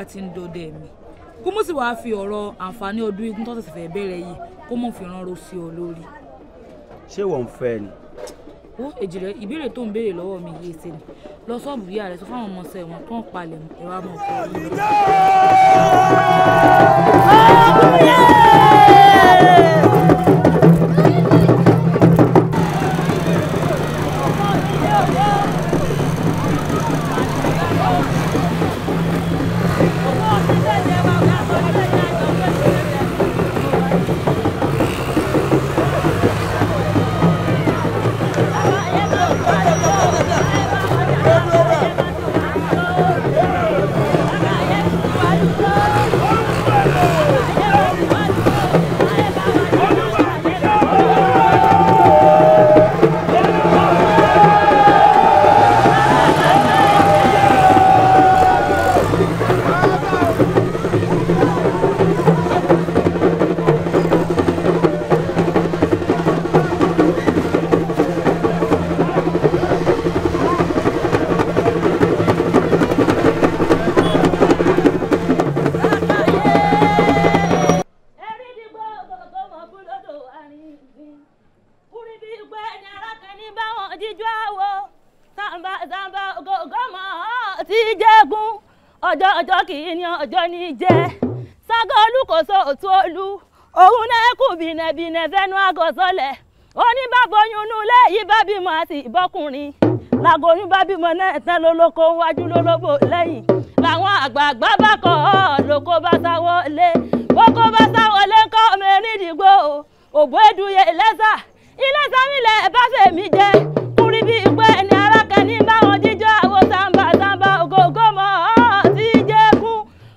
nígbà tí ń dọdẹ mi kó mú sì wáá fi ọ̀rọ̀ àǹfààní ọdún igun tó ṣẹ̀ṣẹ̀ fẹ́ bẹ̀rẹ̀ yìí kó mú fi ránró sí ọ lórí. ṣé wọ́n ń fẹ́ ni. ó èjì rẹ ìbéèrè tó ń béèrè lọ́wọ́ mi yìí ṣe ni lọ sọ́ọ̀bù yíyá rẹ sọ fáwọn ọmọ ṣẹ́ wọn tó ń palẹ̀ mọ́ ẹ̀rọ amọ̀ fún láti ìbọ́kùnrin làgòyún bá bímọ náà tán lólóko wájú lólóbò lẹ́yìn làwọn àgbààgbà bá kọ̀ ọ́ lóko bá sáwọ́ lé bóko bá sáwọ́ lé ńkọ́ mẹ́rìndínlógó òbó eduye ìlẹ́sà ìlẹ́sà mílẹ̀ bá fèmí jẹ́ kúrí bí igbó ẹni arákẹ́ni bá wọn jíjọ́ àwọn sàǹbà sàǹbà ògógó mọ́ ọ́ sí jẹ́kú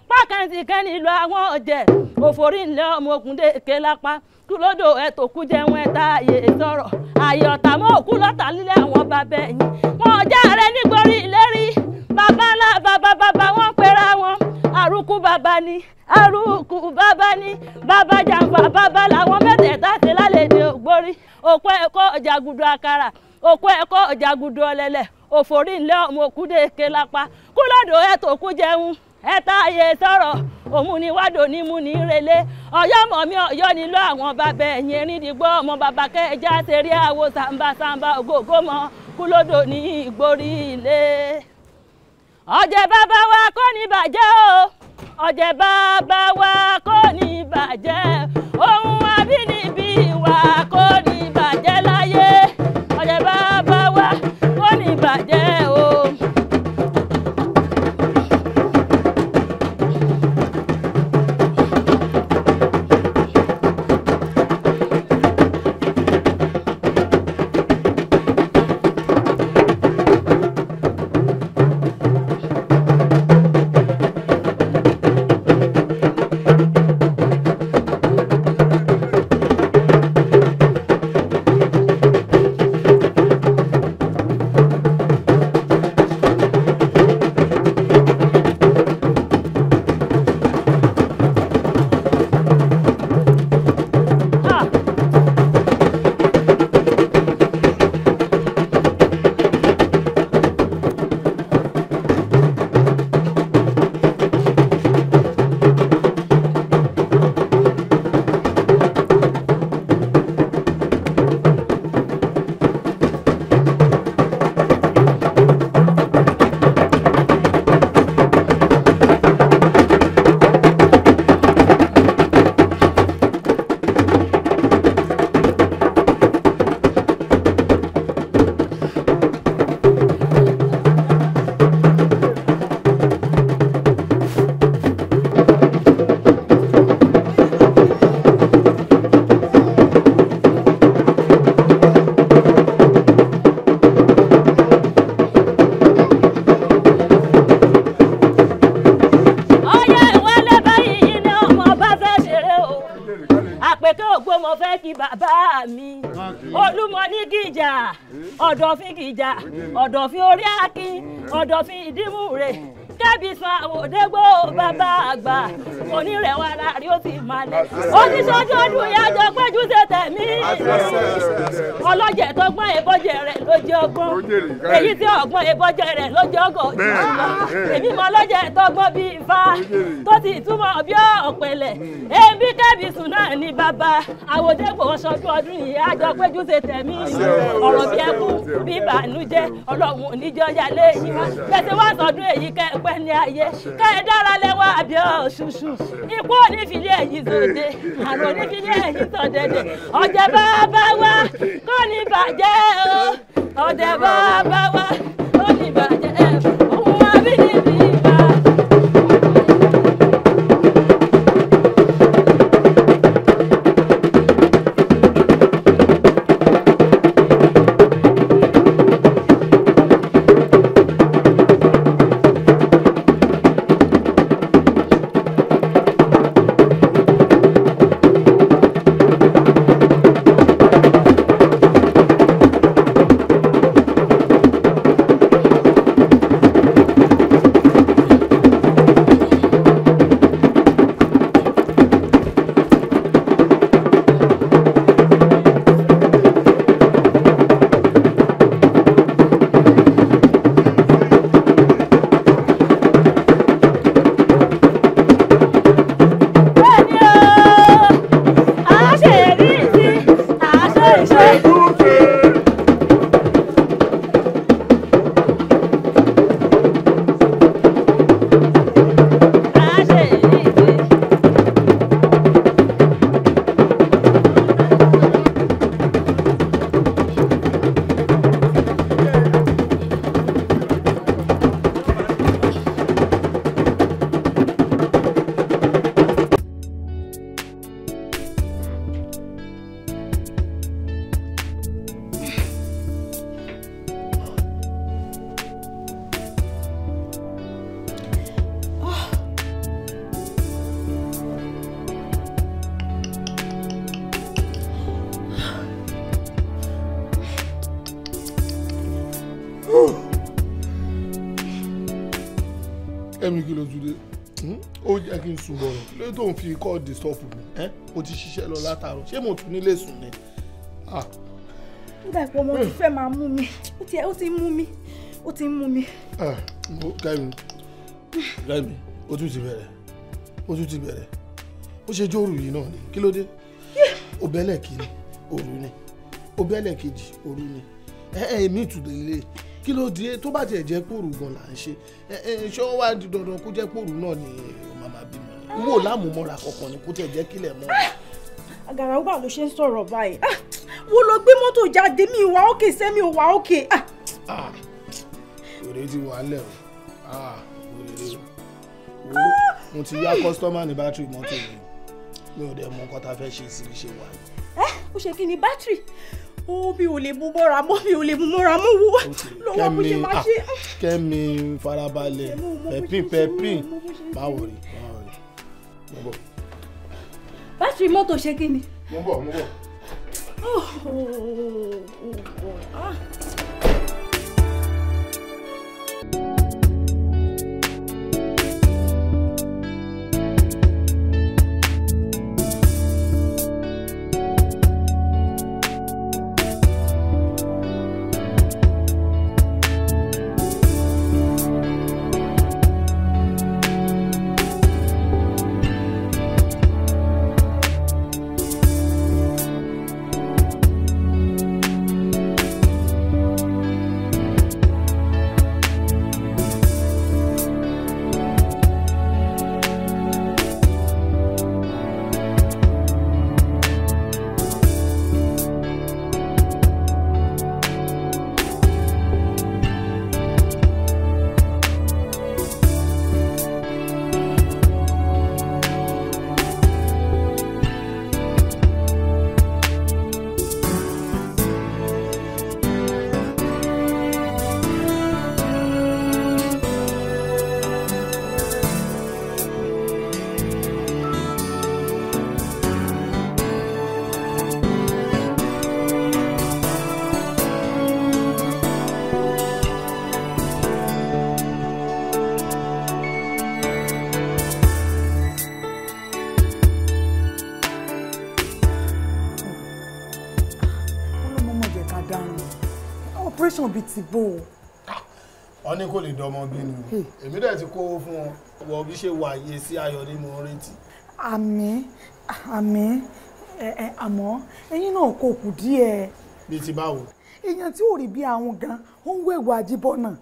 pákẹ́ǹtì kẹ́ni ìlú àwọn ọ̀jẹ̀ òfòrí ńlẹ̀ ọmọ ògùndé èké lápá kúlódò ẹ̀ tó kú jẹun ẹ̀ tá àyè sọ̀rọ̀ àyè ọ̀tà òkú lọ́tà. bàbá ni arúgbó bàbá ni bàbá jàǹfà bàbá làwọn mẹ́tẹ̀ẹ̀ta ti lálejò ògbórí òpó ẹ̀kọ́ ọ̀jàgùdù àkàrà òkú ẹ̀kọ́ ọ̀jàgùdù ọ̀lẹ̀lẹ̀ òfòrí ńlẹ̀ ọmọ òkúdèké lápá kúlọ̀dọ̀ ẹ̀ jẹun ayé sọ̀rọ̀ ni wádò ní ní mi nílò àwọn bàbá ẹ̀yìn erin ọmọ bàbá kẹjá àwo sàǹbà sàǹbà ògógó mọ ní ilé ọjẹ bàbá wa kò ní o. ọ̀jẹ̀ bàbá wa kò ní bàjẹ́. ọ̀dọ̀fin kìjà ọ̀dọ̀fin orí akin ọ̀dọ̀fin ìdímúre kẹ́bi san àwòdégbò bàbá àgbà onírẹ̀wà láàrin ó ti malẹ̀ oníṣojú ọdún ìyájọ péjú ṣe tẹ̀mí ọlọ́jẹ̀ tó gbọ́n ebọ́jẹ̀ rẹ̀ lójú ọgbọ́n èyí tí ọgbọ́n ebọ́jẹ̀ rẹ̀ lójú ọgọ́ èmi mọ ọlọ́jẹ̀ tó gbọ́n bíi ifá tó ti túmọ̀ bí ọ̀pẹ̀lẹ̀ níbikẹ́bi sùn náà ni bàbá àwòdẹ́gbò ọ̀ṣọ́jú ọdún yìí àjọ péjú ṣe tẹ̀mí yìí ọ̀rọ̀ bí ẹkú bí ìbànújẹ́ ọlọ́run oníjọ́ yálé yìí wá bẹ́sẹ̀ wá sọdún èyí kẹ́ ẹ pẹ́ ní ayé kẹ́ ẹ dára lẹ́wọ́ àbí ọ̀ṣùṣù ikú onífìlí èyí zòde àrùn onífìlí èyí sọ̀dẹ̀dẹ̀ ọ̀jẹ̀ bá bá wá kọ́ bàjẹ́ o ọ̀jẹ̀ bá bá wá disturb mi ẹ o ti ṣiṣẹ́ lọ látàárọ̀ ṣé mo tún nílé sùn ni. ó dà pé ọmọ ti fẹ́ máa mú mi ó ti mú mi ó ti mú mi. gáìmì gáìmì o tún ti bẹ̀rẹ̀ o tún ti bẹ̀rẹ̀ o ṣe jóòrù yìí náà ni kí ló dé o bẹ́lẹ̀ kiri òru ni o bẹ́lẹ̀ kejì òru ni ẹ ẹ mi tù délé kí ló dé tó bá tiẹ̀ jẹ́ pòrò gan là ń ṣe ẹ ṣé wọ́n wá dandan kó jẹ́ pòrò náà ni o máa n wò láàmúmọ́ra kankan ni kó tẹ̀ jẹ́ kílẹ̀ mọ́. Ah! àgàrà ó bá ló ṣe ń sọ̀rọ̀ báyìí ah! wo ló gbé mọ́tò jáde mi ìwà òkè sẹ́mi ìwà òkè. òde ti wà á o òde ah! o mo ti yá kọ́sítọ́mà ní bátìrì mọ́tò mi mi ò dẹ̀ mọ nǹkan tá a fẹ́ ṣe sí ṣe wà. ẹ eh! ó ṣe kí ni bátìrì ó mi o lè mú mọ́ra mọ́ mi ò lè mú mọ́ra mọ́ wo lọ́wọ́ bó ṣe máa ṣe. kẹ́mi farabalẹ̀ pẹ̀pín pẹ̀pín báwo rí bátìrì mọ́tò ṣe kí ni. mo ń bọ̀ mo ń bọ̀. Oh, oh, oh, ah. operation bíi ti bò ó. wọ́n ní kò lè dọmọ bí ni èmi dẹ̀ ti kówó fún wọn wọ bí ṣe wà yé sí ayọ̀ nínú retí. àmín àmín àmọ́ ẹ̀yin náà kò kù díẹ̀. bíi ti báwo. èèyàn tí ò rí bí àwọn gan ó ń wéwà àjíbọ̀nà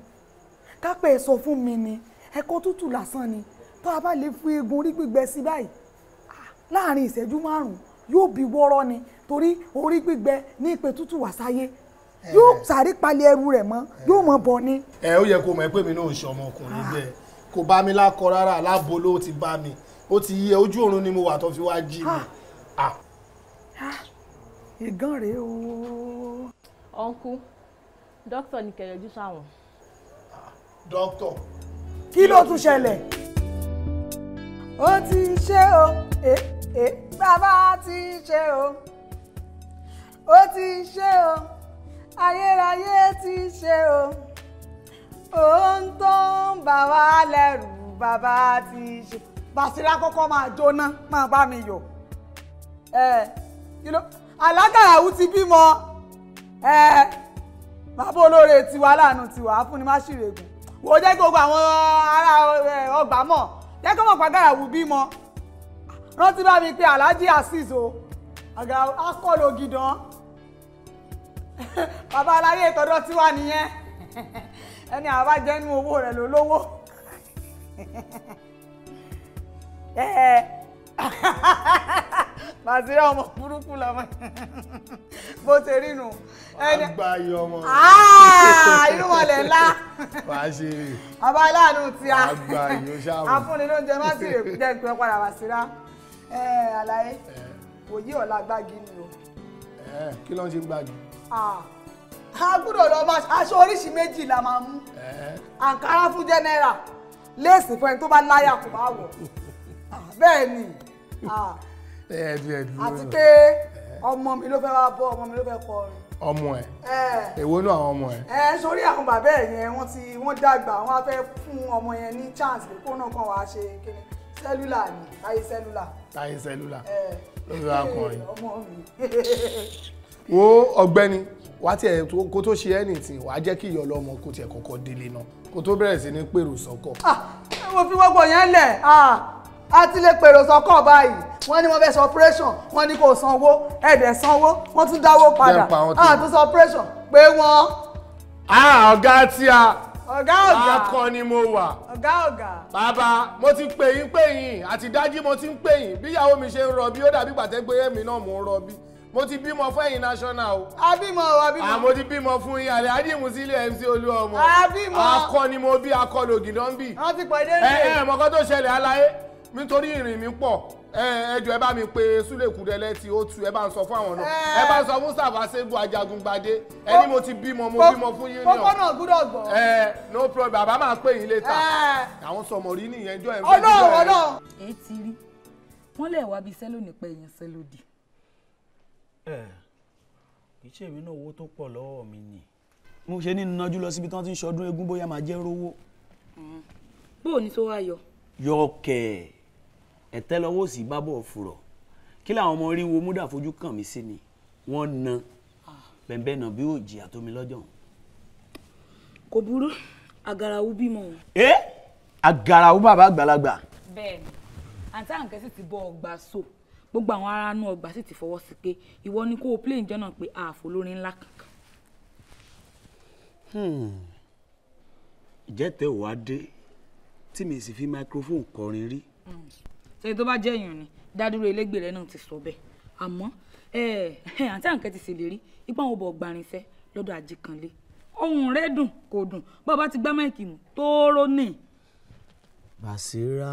kápẹ́ ẹ sọ fún mi ni ẹ̀kọ́ tútù lásán ni tó a bá lè fún eegun orí gbígbẹ sí báyìí láàrin ìṣẹ́jú márùn-ún yóò bí wọ́rọ́ ni torí orí gbígbẹ ní ìpè tútù wà sáyé Eh. yóò sáré palẹ̀ ẹrù rẹ̀ mọ́ eh. yóò mọ̀ bọ̀ ni. ẹ eh, ó yẹ kó mọ̀ ẹ́ pé mi náà ń ṣe ọmọkùnrin ah. bẹ́ẹ̀ kò bá mi lákọ rárá lábo ló ti bá mi ó ti yẹ ojú oorun ni mo wà tó fi wá jí mi. Ah. Ah. ìgàn rèé o. ọ̀nkú dókítà ní kẹ̀yọ́jú sáwọn. dókítà. kí ló tún ṣẹlẹ̀. ó ti ṣe o bàbá ti ṣe o ó ti ṣe o ayérayé ti ṣe o ohun tó ń bà wá lẹ́rù bàbá ti ṣe bàṣírà kọ́kọ́ máa jóná máa bá mi yọ̀ ẹ kí ló alágàyàwó ti bímọ ẹ bàbá olóore tiwa láàánú tiwa fúnni má ṣìrègùn wò ó jẹ́ gbogbo àwọn ará ọgbà mọ̀ jẹ́ kó mọ̀ pàgàràwù bímọ rántí bá mi pé aláàjì azeez o àgàràwù bàbá aláyé ìtọ́dọ̀ tí wà nìyẹn ẹni àbá jẹ́ inú owó rẹ̀ ló lówó màsírí ọmọ burúkú lọmọ bó ṣe rí nu. wàá gba ayé ọmọ. inú ah, wọlé ńlá. wàá ṣe rè. bàbá aláàánú ti a. wàá gba ayé ó ṣáà mọ. afúnni ló ń jẹ máa sì rè jẹ ìpínlẹ̀ padà wá síra. àlàyé òye ọ̀la gbági ni o. kí ló ń ṣe gbági. Ah. a gbọ́dọ̀ lọ máa aṣọ oríṣi méjì la máa mú àǹkárá fún jẹ́nẹ́rà léèsì fún ẹni tó bá láyà kò bá wọ̀ ah, bẹ́ẹ̀ ni ah. àti pé ọmọ mi ló fẹ́ wá bọ́ ọmọ mi ló fẹ́ kọ orin ọmọ ẹ èwo náà àwọn ọmọ ẹ. ẹ sórí àwọn bàbá ẹ yẹn wọ́n ti wọ́n dàgbà wọ́n á fẹ́ fún ọmọ yẹn ní chance pé kó náà kàn wá ṣe kíni sẹlúlà ni táyé sẹlúlà. táyé sẹlúlà ló fi wá kọrin. ọmọ mi. wo ọ̀gbẹ́ni wá tiẹ̀ kó tó ṣe anything wàá jẹ́ kí ìyọ̀ lọ́mọ kó tiẹ̀ kọ́kọ́ délé náà kó tó bẹ̀rẹ̀ sí ní pèrò sọ́kọ̀. Ah, mo fi gbogbo yẹn lẹ̀ ah, a ti lè pèrò sọ́kọ̀ báyìí wọ́n ní wọ́n fẹ́ sọ operation wọ́n ní kò sanwó ẹ̀dẹ̀ sanwó wọ́n tún dáwó padà a tún sọ operation pé wọ́n. Ah, ọ̀gá tí a ọ̀gá ọ̀gá akọni mo wà. ọ̀gá ọ̀gá. bàbá mo ti pè yín pè yín àti dájí mo ti ń pè yín bí mi ṣe ń rọbí ó dàbí gbàtẹ́gbẹ́yẹ̀mí náà mo ń rọbí mo ti bímọ fún ẹ̀yin national o. a bímọ o a bímọ. àmọ́ ah, ti bímọ fún yín àlẹ́ adímùsílẹ̀ MC Olúọmọ. a bímọ. akọ ni mo bí akọ lògì náà ń bì. wọ́n ti pàdé rẹ̀. ẹ ẹ mọ̀kọ́ tó ṣẹlẹ̀ aláyé nítorí ìrìn mi pọ̀ ẹ ẹjọ ẹ bá mi pe súlẹ̀kùdẹ́lẹ́ tí ó tu ẹ bá ń sọ fún àwọn náà ẹ bá ń sọ fún sàfàṣẹ́gun ajagungbadé ẹ ní mo ti bímọ mo bímọ fún union kókó náà gbúdọ̀ gbọ́. ẹ no problem bàbá máa pè yín later àwọn sọmọ rí nìyẹn jọ ẹ ń fẹ́ jù bẹ́ẹ̀. ọlọ́run ọlọ́run. ẹ ti rí wọn lè wá bíi sẹ́lò nípa ẹ̀yìn sẹ́lòdì ẹ kì í ṣe èmi náà owó tó pọ̀ lọ́wọ́ mi ni. mo ṣe ní nájú lọ síbi tí wọ́n ti ń ṣọdún eégún bóyá máa jẹ́ rówó. bó o ní tó wá yọ. yọ kẹ ẹtẹ lọ́wọ́ sí bábọ fùrọ kí làwọn ọmọ rí wo múdà fojú kàn mí sí ni wọ́n na bẹ̀ǹbẹ̀ náà bí òjì àtomi lọ́jọ́. kò burú agarawu bímọ. ẹ agarawu bàbá àgbàlagbà. bẹ́ẹ̀ni àǹtí àǹkẹ́ ti bọ ọgbà so gbogbo àwọn aráàánú ọgbà sì ti fọwọ́ sí pé ìwọ ni kó o plane jọ́nà pé ààfò lórí ńlá kankan. ìjẹ́tẹ̀ hmm. ò wá dé tí mi sì fi microphone kọrin rí. sẹ́yìn hmm. tó bá jẹ́ èèyàn ni dádúró elégbèrè náà ti sọ bẹ́ẹ̀ àmọ́ àǹtí àǹkẹ́ ti ṣèlérí ipá wọn bọ̀ gbàrinṣẹ́ lọ́dọ̀ àjẹkànlé ohun rẹ̀ dùn kò dùn bá ti gbá máìkì mú tóóró nì. bàṣírà.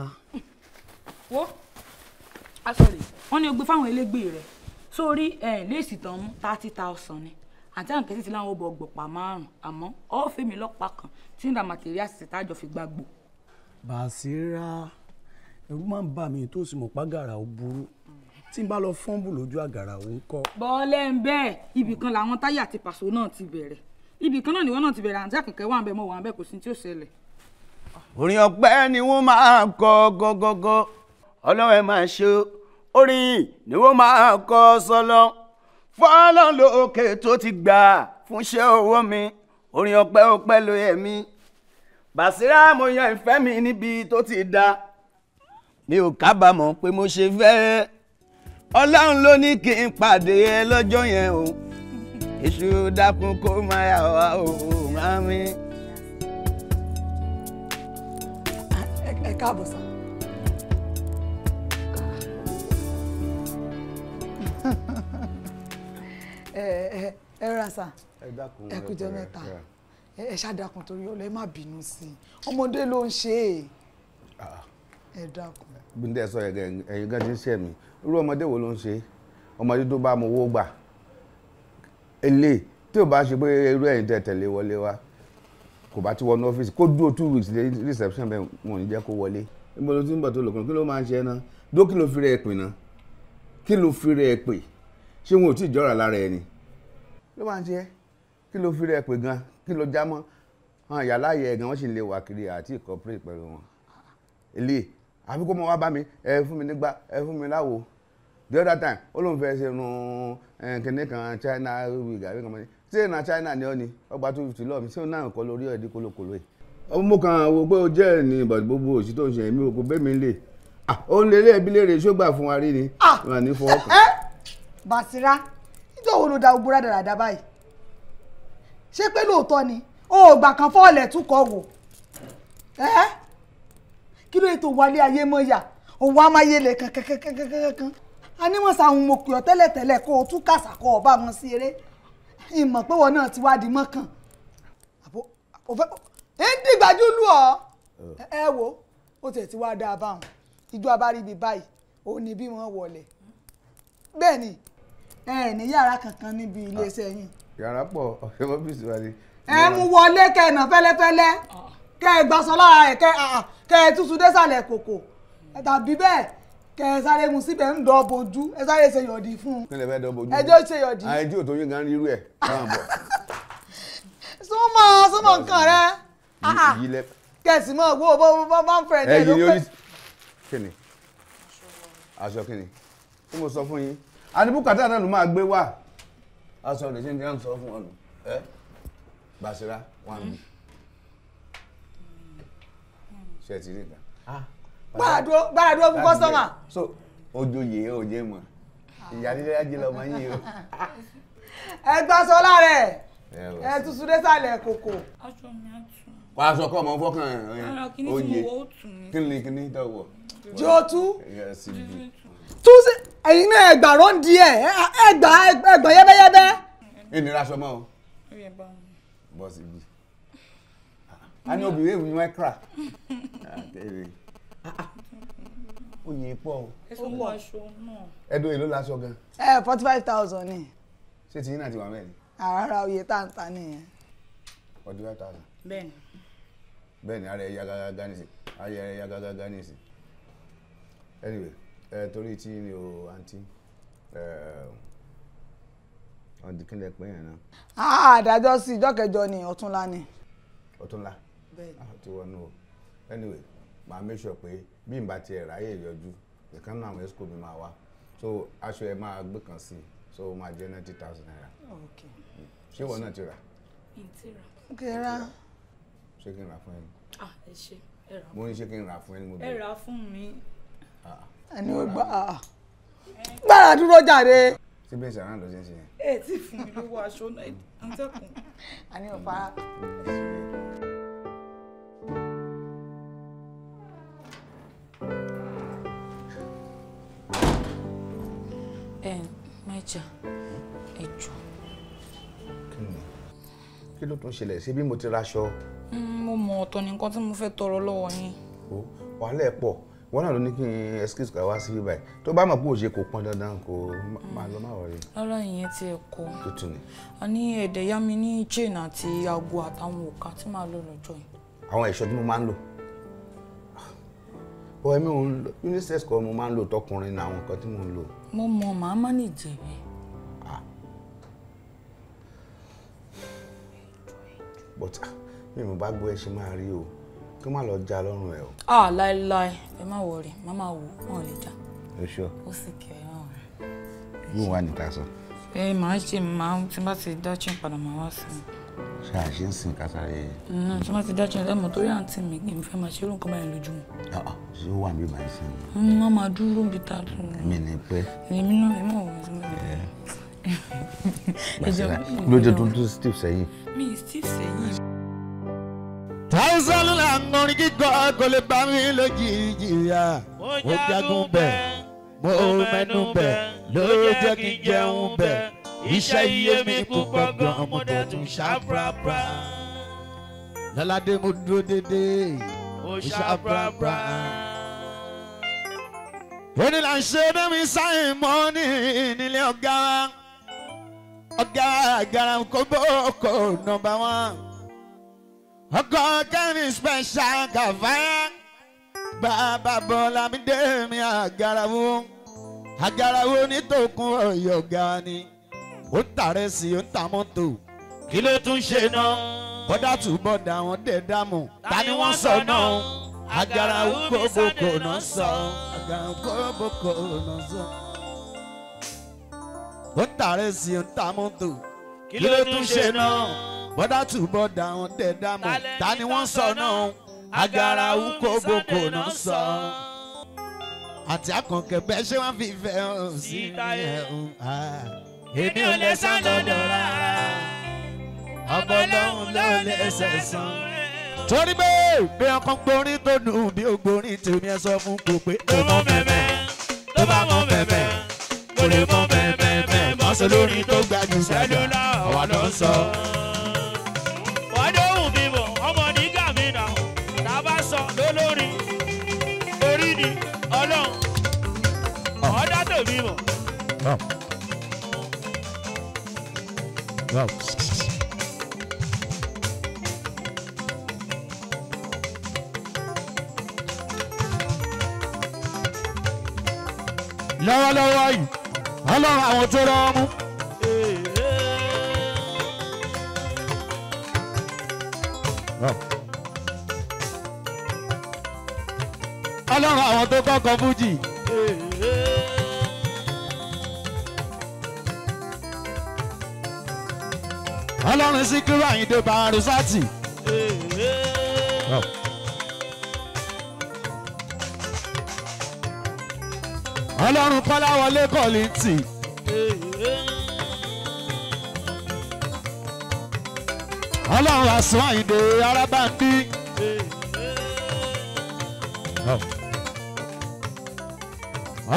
wo actually ah, wọ́n ní o gbé fáwọn ẹlẹ́gbẹ́ rẹ̀ sórí léèsì tán mú thirty thousand ni àti àwọn kẹsì tí láwọn ọbọ ọgbọ̀pá márùn-ún àmọ́ ọ́fẹ̀mí lọ́pàá kan tí ń ra materials ti tájọ fi gbàgbó. Bàṣírà ẹ̀rù máa ń bà mí tó sì mọ̀ pàgàrà ó burú tí n bá lọ fọ́nbù lójú àgàrà ó ń kọ́. bọ́ọ̀lẹ́ ń bẹ́ẹ̀ ibìkan làwọn táyà àti pàṣọ náà ti bẹ̀rẹ̀ ibìkan náà nìwọ náà ti bẹ̀rẹ̀ àǹtí àkẹ́kẹ́ wà ń bẹ̀ mọ́ wà ń bẹ̀ kò sí tí ó ṣẹlẹ̀. orin ọpẹ́ ni wọ́n máa kọ gọgọgọ ọlọ́wẹ́ máa ṣe orin ni wọ́n máa kọ sọlọ fọ́lọ́n lókè tó ti gbà fúnṣẹ́ owó mi orin ọpẹ́ ọpẹ́ ló yẹ mí Bàṣírà mo yan ìfẹ́ mi níbi tó ti da mi ò kábàámọ̀ pé mo ṣe fẹ́ ọlọ́run ló ní kí n pàdé ẹ lọ́jọ́ yẹn o èṣù dákun kó máa yà wá òun rán mi. ẹ káàbọ̀ sáà. Eh, eh, eh, ẹ ẹ rasa ẹ kújọ́ mẹ́ta ẹ ṣàdàkùn torí ọlọ ẹ má bínú sí i ọmọdé ló ń ṣe é ah. ẹ dákun. bíndẹ̀ sọ ẹ̀yin gan ti ń ṣe mí irú ọmọdé wo ló ń ṣe ọmọdé tó bá mọ owó gbà ele tí ò bá ṣe pé irú ẹ̀yin tẹ̀ tẹ̀lé wọlé wa kò bá ti wọnú ọ́fíìsì kó dúró two weeks dé reception bẹ́ẹ̀ wọn ò ní jẹ́ kó wọlé. ìmọ̀lódé ń bọ̀ tó lòkùn kí ló máa ń ṣe ẹ náà dókì ló fi rẹ̀ pin náà kí ló fi rẹ̀ pè ṣé wọn ò tí ì jọra lára ẹ ni. ló máa ń ṣe kí ló fi rẹ̀ pè gan kí ló já mọ́ hàn yàrá yẹ gan wọ́n sì lè wà kiri àti ìkọ́pẹ́rẹ́ pẹ̀lú wọn. eléyìí àfi kó mọ wá bá mi ẹ fún mi nígbà ẹ fún mi láwo the other time ó lóun fẹ́ ṣe run kìnìún kan China wig àbí kan mọ́ ni ṣé ìrìnà China ni ọ ni ọgbà two fifty lọ́ọ̀ mi ṣé òun náà kọ́ lórí ẹ̀ dín kólókòló yìí. ọmọ kan wo pé o jẹ́ ẹ̀ ní ìbàdí gbogbo òṣì tó ń ṣe èmi ò kò bẹ́ẹ̀ mi lè Ah, ó ń lélẹ̀ ẹbí léèrè ṣógbà fún wa rí ni ah! wà ní fọwọ́ kan. Eh! Basira níjọ́ wo ló da gbogbo rádaràda báyìí ṣé pé lóòótọ́ ni òògbà kan fọ́ọ̀lẹ̀ tún kọ̀ wò eh? kí ló ètò wálé ayé mọ́ yà òun á máa yẹlẹ̀ kankankankankan a ní wọ́n sàwọn mọ̀kì ọ̀ tẹ́lẹ̀tẹ́lẹ̀ kó o tún kàṣà kọ́ ọba wọn sí eré ìmọ̀ pé wọn náà ti wá di mọ́kàn àbò òfẹ́ ẹ̀ ń dìgbàjú lù ọ́ ẹ wo ó tẹ̀ ti wá dáa báwọn ìjọ abáríbi báyìí òun ni bí wọ́n wọlé bẹ́ẹ̀ ni ẹ ẹ̀ ní yàrá kankan níbi iléeṣẹ́ yín. yàrá pọ̀ ọ̀fẹ́ ọ́fíìsì wa ni. ẹ mú wọlé kẹ̀nà fẹ́lẹ́fẹ́lẹ́ kẹ ẹ gbọ́sọ lára ẹ kẹ kẹ ẹ tútù désàlẹ̀ kòkò tàbí bẹ́ẹ̀ kẹ ẹ sáré mu síbẹ̀ ń dọ̀ bojú ẹ sáré ṣe yọ̀dí fún un. kílẹ̀ fẹ́ dọ̀ bojú ẹjọ́ ṣe yọ̀dí. àìjí ò tó yín gan rírú ẹ̀ náà bọ̀. súnmọ́ súnmọ́ nǹkan rẹ kẹsì mọ́ owó bọ́ bọ́ bọ́ ń fẹ́ kíni aṣọ kíni tí mo sọ fún yín adébúkàtà náà ló máa gbé wá aṣọ rẹ̀ ṣe ń jẹun sọ fún ọ̀nà ẹ gbàṣẹ́ra wọn bí hmm. ṣe ti rí nǹkan. gbàdúró ah, gbàdúró fún kọ́sọ́mà. so ojú yìí ò jẹ́ mọ́ ìyá lílé ajé lọ́mọ yìí o. ẹ gbàsọ́ lára ẹ ẹ tuntun dé sàlẹ̀ kòkò. aṣọ mi á tù wà á sọ kọ́ ọmọ fọ́kàn oyè kíni kíni dáwọ̀. jọ tú tú sí ẹ̀yin náà ẹgbà rọ́ǹdì ẹ̀ ẹgbà ẹgbà yẹ́bẹ́yẹ́bẹ́. ìnira aṣọ mọ́ o bọ́ọ̀sì bíi a ní obìnrin èèyàn wọn kra oyè pọ̀ o. ẹdùn èlò lásọ gan. ẹ forty five thousand ni. ṣé tìyín náà ti wà mẹ́rin. àràrà oyè tá à ń ta nìyẹn. forty five thousand. bẹ́ẹ̀ni. bẹ́ẹ̀ ara ẹ̀ ara anyway ẹ torí tí ni o àǹtí ọdún kí àdájọ́ sí kẹjọ ni ọ̀túnla ni. ọ̀túnla ah, wọnú o anyway màá pé bí n bá tiẹ̀ ráyè yọjú náà àwọn mi máa wá so aṣọ ẹ máa gbé kan sí i so ó máa jẹ́ ninety thousand naira. ṣé náà ti ṣé kí n rà fún ẹ ni. ah ẹ ṣe ẹ rà fún mi. mo ní ṣé kí n rà fún ẹ ni mo bẹ̀rẹ̀. ẹ rà fún mi. ẹni o gbà á gbàrà dúró jàre. ṣé bẹ́ẹ̀ sàrán ló ṣe ń ṣe yẹn. ẹ ti fún mi lówó aṣọ náà ẹ ń tẹkùn. àní ò fara. mẹ́jà ẹ̀jọ̀. kí ló tún ṣẹlẹ̀ ṣé bí mo ti raṣọ ọ̀tọ̀ ni nǹkan tí mo fẹ́ tọrọ lọ́wọ́ yín. o wàhálà ẹ pọ̀ wọn náà ló ní kí n excuse ká sí bíbá yìí tó bá mọ̀ pé òṣè kò pọn dandan kò máa lọ máa wọlé. rárá ìyẹn ti ẹ kọ a ní ẹ̀dẹ̀ yá mi ní chain àti aago àtàwọn òkà tí màá lò lọ́jọ́ yìí. àwọn ẹ̀ṣọ́ tí mo máa ń lò bọ́ ẹ̀mí òun unisex kọ́ mo máa ń lò tọkùnrin ní àwọn nǹkan tí mo ń lò. mo mọ màá má ní ìjẹ̀bi. but ah bí mo bá gbọ́ ẹ ṣe máa rí o kí má lọ já lọ́rùn ẹ o. a láéláé ẹ má wọrí má má wò wọn ò lè já. o ṣọ ó sì kí ẹ hàn rẹ. yóò wá níta sọ. ẹ màá ṣe màá tí bá ti dọ́chìn padà màá wá sí i. ṣé a ṣe ń sìn kásáré. Mm-hmm, tí bá ti dọ́chìn ẹ mọ̀ torí àǹtí mi kì í fẹ́ máa ṣe irú nǹkan báyìí lójú mi. Ah, ah, ṣé ó wà níbi màá sìn. wọ́n mm, máa dúró níbi tá a tún. mi ni pẹ́. èmi náà èmi ò wọ́n sí mi lójó tó ń tún steve sẹ́yìn. mi steve sẹ́yìn hausa ló là ń orin kò lè bá mi lójijì mo jagun bẹ́ẹ̀ mo mẹ́nu bẹ́ẹ̀ ló jẹ́ kí jẹun bẹ́ẹ̀ iṣẹ́ iye mi kú gbọ̀ngàn ọmọdé tún ṣàbùràbùrà lọ́ládé mo dúró dédé ṣàbùràbùrà. Oni la ṣe mi sáyìn mọ́ ní nílé ọ̀gá ọ̀gá àgàrà kò bó kò nọ́mbà wọn ọkọ kẹrin special kàfáyà baba bọlá mi dé mi àgàràwọ àgàràwọ nítòkun ọyọ ga ni ó tààrẹ sí ó ta mọ́tò kí ló tún ṣe náà bọ́dà tún bọ́dà wọn dẹ̀ dààmú ta ni wọ́n sọ náà àgàràwọ kòbókò náà sọ àgàràwọ kòbókò náà sọ ó tààrẹ sí ó ta mọ́tò kí ló tún ṣe náà bọ́dà túbọ̀ dáhùn tẹ̀ dámọ̀ ta ni wọ́n sọ náà agara ukogbo kò ná sọ. àti akànkẹ́ bẹ́ẹ̀ ṣé wọ́n fi fẹ́ hàn sí ẹ̀hún. Ah, èmi ò lè sá lọ́dọ̀ rà ọmọ lọ́hùn ló lè sẹ̀sán. torí pé bí ọkàn gborin tó nù bí ó gborin tèmi ẹ sọ fún kò pé. tó mọ mẹ́mẹ́ tó bá mọ mẹ́mẹ́ kò lè mọ mẹ́mẹ́ mọ́ sọ lórí tó gbajúmọ̀ àwa ló ń sọ. Wow. Wow. lọ́wọ́lọ́wọ́ yìí ọlọ́run àwọn tó rọ ọmú. ọlọ́run àwọn tó kọ́kọ́ fújì. ọlọ́run síkírù àyíndé bàrùsátì. ọlọ́run kọ́láwọlé kọ́lìntì. ọlọ́run àsùn àyíndé arábàndí.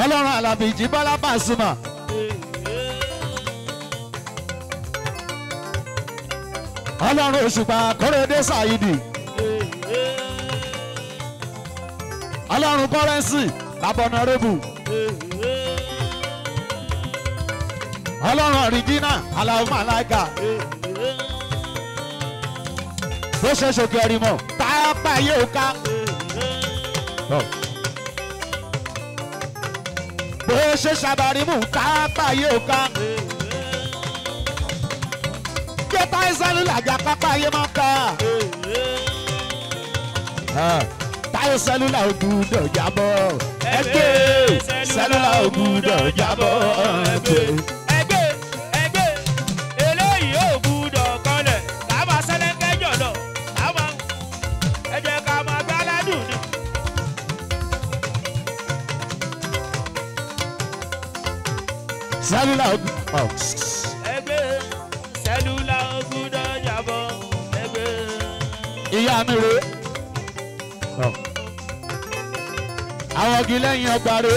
ọlọ́run àlàbìjì bọ́lá bàṣùmà. Hey, hey. ọlọ́run òṣùpá kórèdé ṣáìdì ọlọ́run kọ́rẹ́nsì labọ̀nàrẹ́bù ọlọ́run ọ̀rìngínà aláwọ̀mọ̀láìkà bó ṣe ṣòkè ẹ̀rìmọ̀ tápá yóò ká bó ṣe ṣàbàrímù tápá yóò ká. Hey, hey. sálú làjà pápá ayé máa ń ká. Táyọ̀ sẹ́lúlà ògùdọ̀ jábọ̀. Ẹgbẹ́ sẹ́lúlà ògùdọ̀ jábọ̀. Ẹgbẹ́ ẹgbẹ́ ẹgbẹ́ eléyìí ògùdọ̀ kanlẹ̀ ká máa sẹ́lẹ̀kẹ́ jọ̀lọ̀ ká máa ẹ jẹ́ ká máa gbá ládùn ni. Sẹ́lúlà ògùdọ̀. ìyá mi rè àwọn igi lẹ́yìn ọgbà rè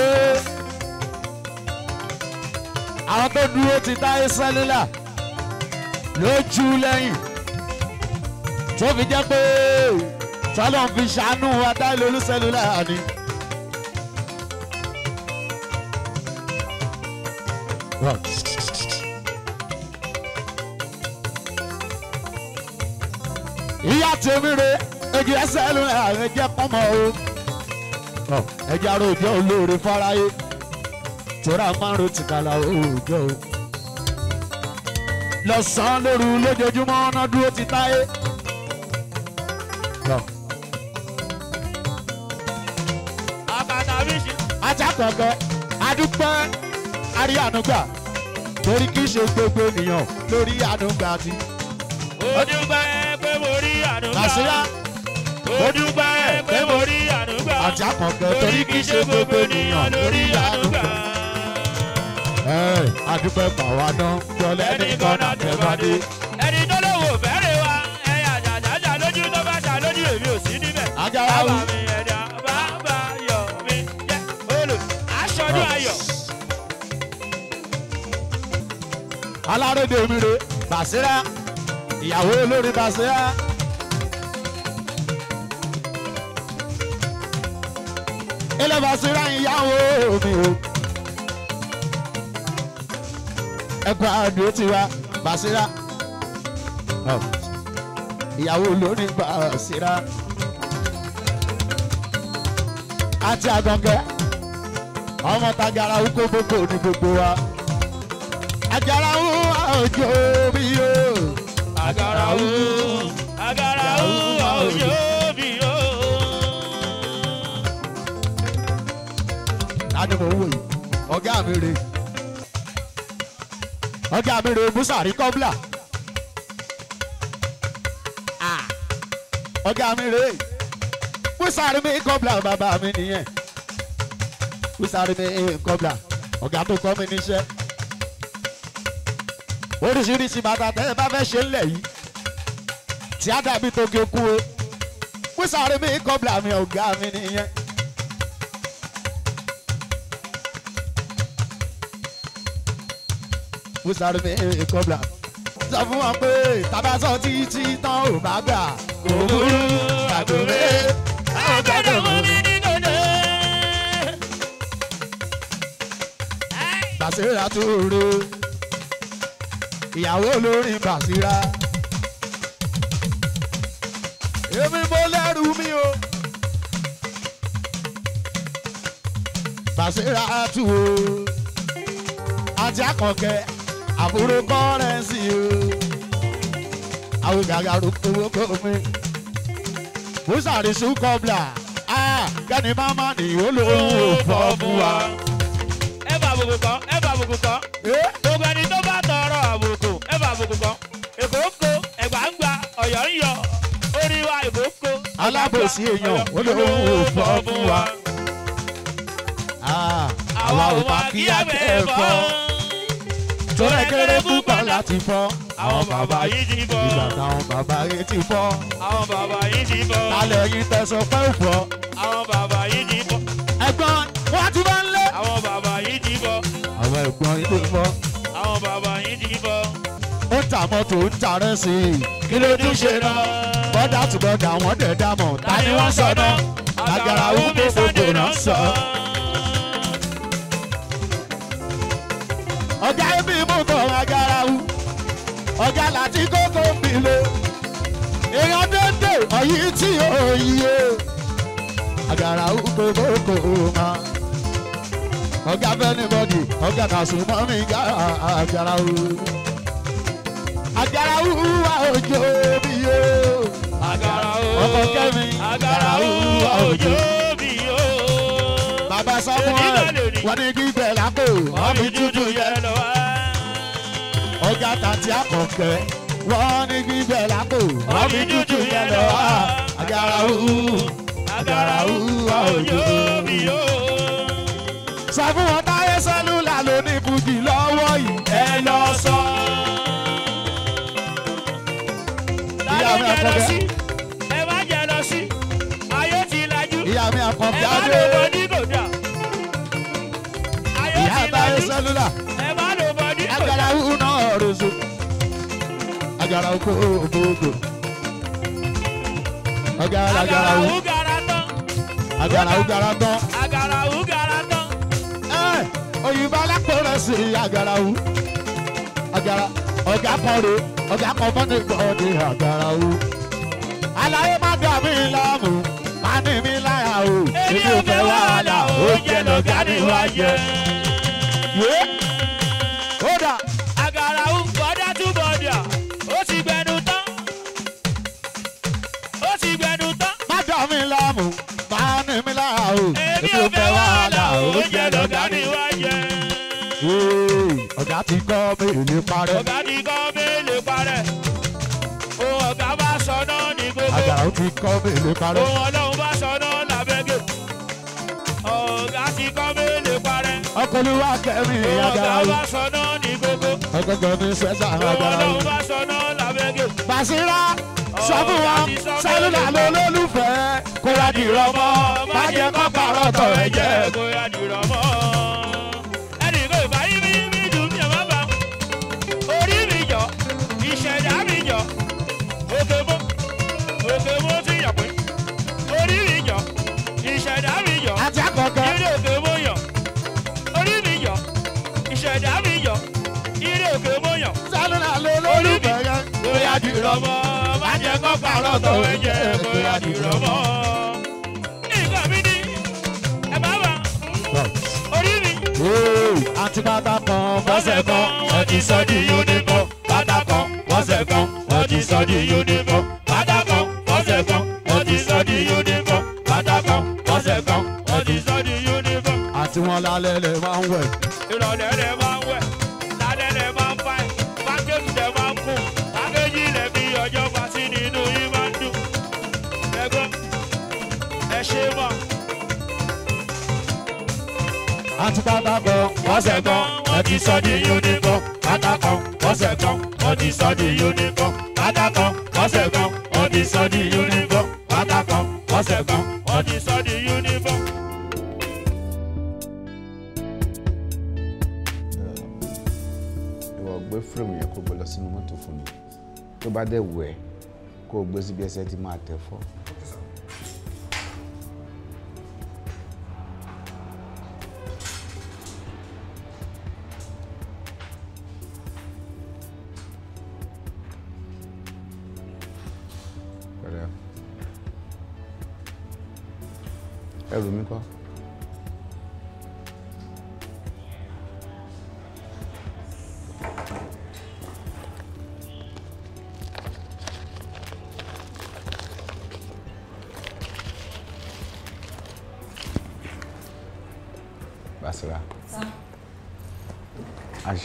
àwọn tó dúró ti táyé sẹ́lílà lójú lẹ́yìn tó fi jẹ́ pé tọ́lọ́n fi ṣàánú adáìlólú sẹ́lúlà ni. Right. tèmi re egi ẹsẹ̀ ló ń àrùn ẹjẹ́ pọ́nmọ́ o ẹjẹ́ aró òjò olóore fáráyé tóra márùn tìkàlà òòjọ́ o lọ́sàn-án lóru lójoojúmọ́ ọ̀nà dúró ti táyé. àjàkọ̀gẹ́ adúpẹ́ arí ànúgbà torí kì í ṣe gbogbo ènìyàn lórí ànúgbà ti. ó àṣírá mo dúpẹ́ ẹ̀ pé mo rí ànúgbà àti àkànkẹ́ torí kì í ṣe gbogbo ènìyàn lórí ànúgbà. àdúpẹ́ pàwọ́ adán jọlẹ́ nìkan náà tẹ́ bá dé. ẹni tó lówó fẹ́rẹ̀ wa ẹ̀yà àjàjà lójú tó bá ta lójú èmi ò sí níbẹ̀. ajára wù. bàbá mi ẹ̀dá bàbá yọ̀ mi jẹ́ olù aṣọ́dún ah. ayọ̀. alárédè mi rè Basira ìyàwó olórí Basira. Délé Basira ìyàwó mi o. Ẹ̀kọ́ àdúró ti wá Basira. Ìyàwó lórí Basira. Àti àgàngẹ́. Ọmọ tagara ukó gbogbo ní gbogbo wa. Àjàrà ń àjò mi o. Àjàrà ń àjàrà ń àjò. ni mò ń wò yìí ọ̀gá mi rè ọ̀gá mi rè búsàrí kọ́bílà ọ̀gá mi rè búsàrí mi kọ́bílà bàbá mi nìyẹn búsàrí mi kọ́bílà ọ̀gá tó kọ́ mi níṣẹ́ oríṣiríṣi bàtà tẹ́ ẹ bá fẹ́ ṣe ńlẹ̀ yìí tíátà mi tó gé kú o búsàrí mi kọ́bílà mi ọ̀gá mi nìyẹn. mo sáré mi èkó bla. sọ fún wọn pé tabasọ títí tán ò bá gbà kò burú gbàdúrà àwọn ní dòdò. Bàṣírà tó rò ìyàwó olórin Bàṣírà. èmi mo lẹ́rù mi o. Bàṣírà tó o ajá kọ̀kẹ́ àbúrò kọ́rẹ́ǹsì o àwọn gàgàrò kówó kó mi bùsàrìsù kọ́bla kẹ́ni máma ní olóhùn òfò fún wa. ẹ bá àbùkù kan ẹ bá àbùkù kan eh? gbogbo ẹni tó bá tọrọ àbùkù ẹ bá àbùkù kan èkó ń ko ẹ̀gbá ń gba ọ̀yọ́ ń yọ orí wa èkó ń ko. alábòsí èèyàn olóhùn òfò fún wa. àwa ò máa kí abẹ́ ẹ̀fọ́. Sọ́dọ̀ kéré búgbà láti fọ́. Àwọn bàbá yìí ti fọ́. Ìgbà táwọn bàbá yìí ti fọ́. Àwọn bàbá yìí ti fọ́. Lálẹ́ yìí tẹ̀sán pẹ́ ò fọ́. Àwọn bàbá yìí ti fọ́. Ẹ̀gbọ́n wọ́n ti bá ń lé. Àwọn bàbá yìí ti fọ́. Àwọn ẹ̀gbọ́n yìí ti fọ́. Àwọn bàbá yìí ti fọ́. Ó ta mọ́tò ń tarẹ́ sí i. Kí ló tún ṣe náà? Bọ́dà tùbọ̀dà wọ́n dẹ̀ dámọ̀. Ta ni wọ́n sọ náà? Àgàrà wú ayé tí ó yẹ àgàrà gbogbo kò má ọ̀gá fẹ́nibọ́dì ọ̀gá tàṣù mọ́mí gàrà àgàrà o àgàrà wúwa òjò mi o agara u ọkọ kẹ́mi àgàrà wúwa òjò mi o bàbá samuel wọ́n ní gbígbẹ́ lápò ọ̀bí dúdú yẹn lọ́wọ́ ọ̀gá tàti àkọ́kẹ́ wọ́n ní gbígbẹ́ lápò wọ́n fi tútù yẹn lọ wá ah, àgàrà òwú àgàrà òwú wà òjò mi o. sọ fún wọn táyé sẹ́lúlà ló ní fújì lọ́wọ́ yìí ẹ lọ sọ. ìyá mi àkọ́bẹ́ ẹ má jẹ lọ sí ayé ti lajú ìyá mi àkọ́bẹ́ adé ìyá táyé sẹ́lúlà. agara oko ogogo. Agara agara o. Agara oh you Agara ugara tán. Ẹ eh, òyìnbó alákòrò sí agara o. Agara ọ̀gá kan rè ọ̀gá kan fún ní bọ́ọ̀dì agara o. Aláyé má dà mí láàmú, má ní mí láyà o. Èmi ò fẹ́ wàhálà, ó jẹ́ lọ́gá ni wá jẹ. o. èmi ò fẹ́ wàhálà oúnjẹ lọ́gá ni wá jẹ. ọ̀gá ti kọ́ mélòó parẹ́. ọ̀gá ti kọ́ mélòó parẹ́. o ọ̀gá bá sọ náà ní gbogbo. àgbàrá ti kọ́ mélòó parẹ́. ohun ọlọ́run bá sọ làbẹ́gẹ́. ọ̀gá ti kọ́ mélòó parẹ́. ọkùnrin wa kẹ́rin àgbàrá. ohun ọ̀gá bá sọ ní gbogbo. ọgọgọ mi fẹ́ sàn àgbàrá. ọlọ́run bá sọ làbẹ́gẹ́. Basira sọ fún wa sẹ́lúlà lólólùfẹ́ kó yá di rọmọ má jẹ́ kó pààrọ̀ tọ̀ ẹ jẹ́ kó yá di rọmọ. ẹnì kò bá yí mi mi dùn mí ọmọ bá orí mi yọ ìṣẹ̀dá mi yọ òkè mọ́ òkè mọ́ ti yọ̀ pé orí mi yọ ìṣẹ̀dá mi yọ ilé òkè mọ́ yọ orí mi yọ ìṣẹ̀dá mi yọ ilé òkè mọ́ yọ sẹ́lúlà lólólùfẹ́ kó yá di rọmọ kọ́ pààrọ̀ tó ń jẹ kó yá dìrọ̀ mọ́. nǹkan mi ni ẹ bá wà orí mi. àti bàtà kan bọ́sẹ̀ kan wọ́n ti sọ di yúnífọ̀ bàtà kan bọ́sẹ̀ kan wọ́n ti sọ di yúnífọ̀ bàtà kan bọ́sẹ̀ kan wọ́n ti sọ di yúnífọ̀ bàtà kan bọ́sẹ̀ kan wọ́n ti sọ di yúnífọ̀. àti wọn lálẹ́ lè máa ń wẹ̀. ìrọ̀lẹ́ lè máa ń wẹ̀. ṣe mọ̀. àti bàbá kan wọ́n ṣẹ̀ kan wọ́n ti sọ di uniform bàtà kan wọ́n ṣẹ̀ kan wọ́n ti sọ di uniform bàtà kan wọ́n ṣẹ̀ kan wọ́n ti sọ di uniform bàtà kan wọ́n ṣẹ̀ kan wọ́n ti sọ di uniform. ìwọ gbé fúrèmù yẹn kó gbé sínú mọ́tò fún mi tó bá dẹ̀ wù ẹ́ kó o gbé síbi ẹsẹ̀ máa tẹ̀ fọ́.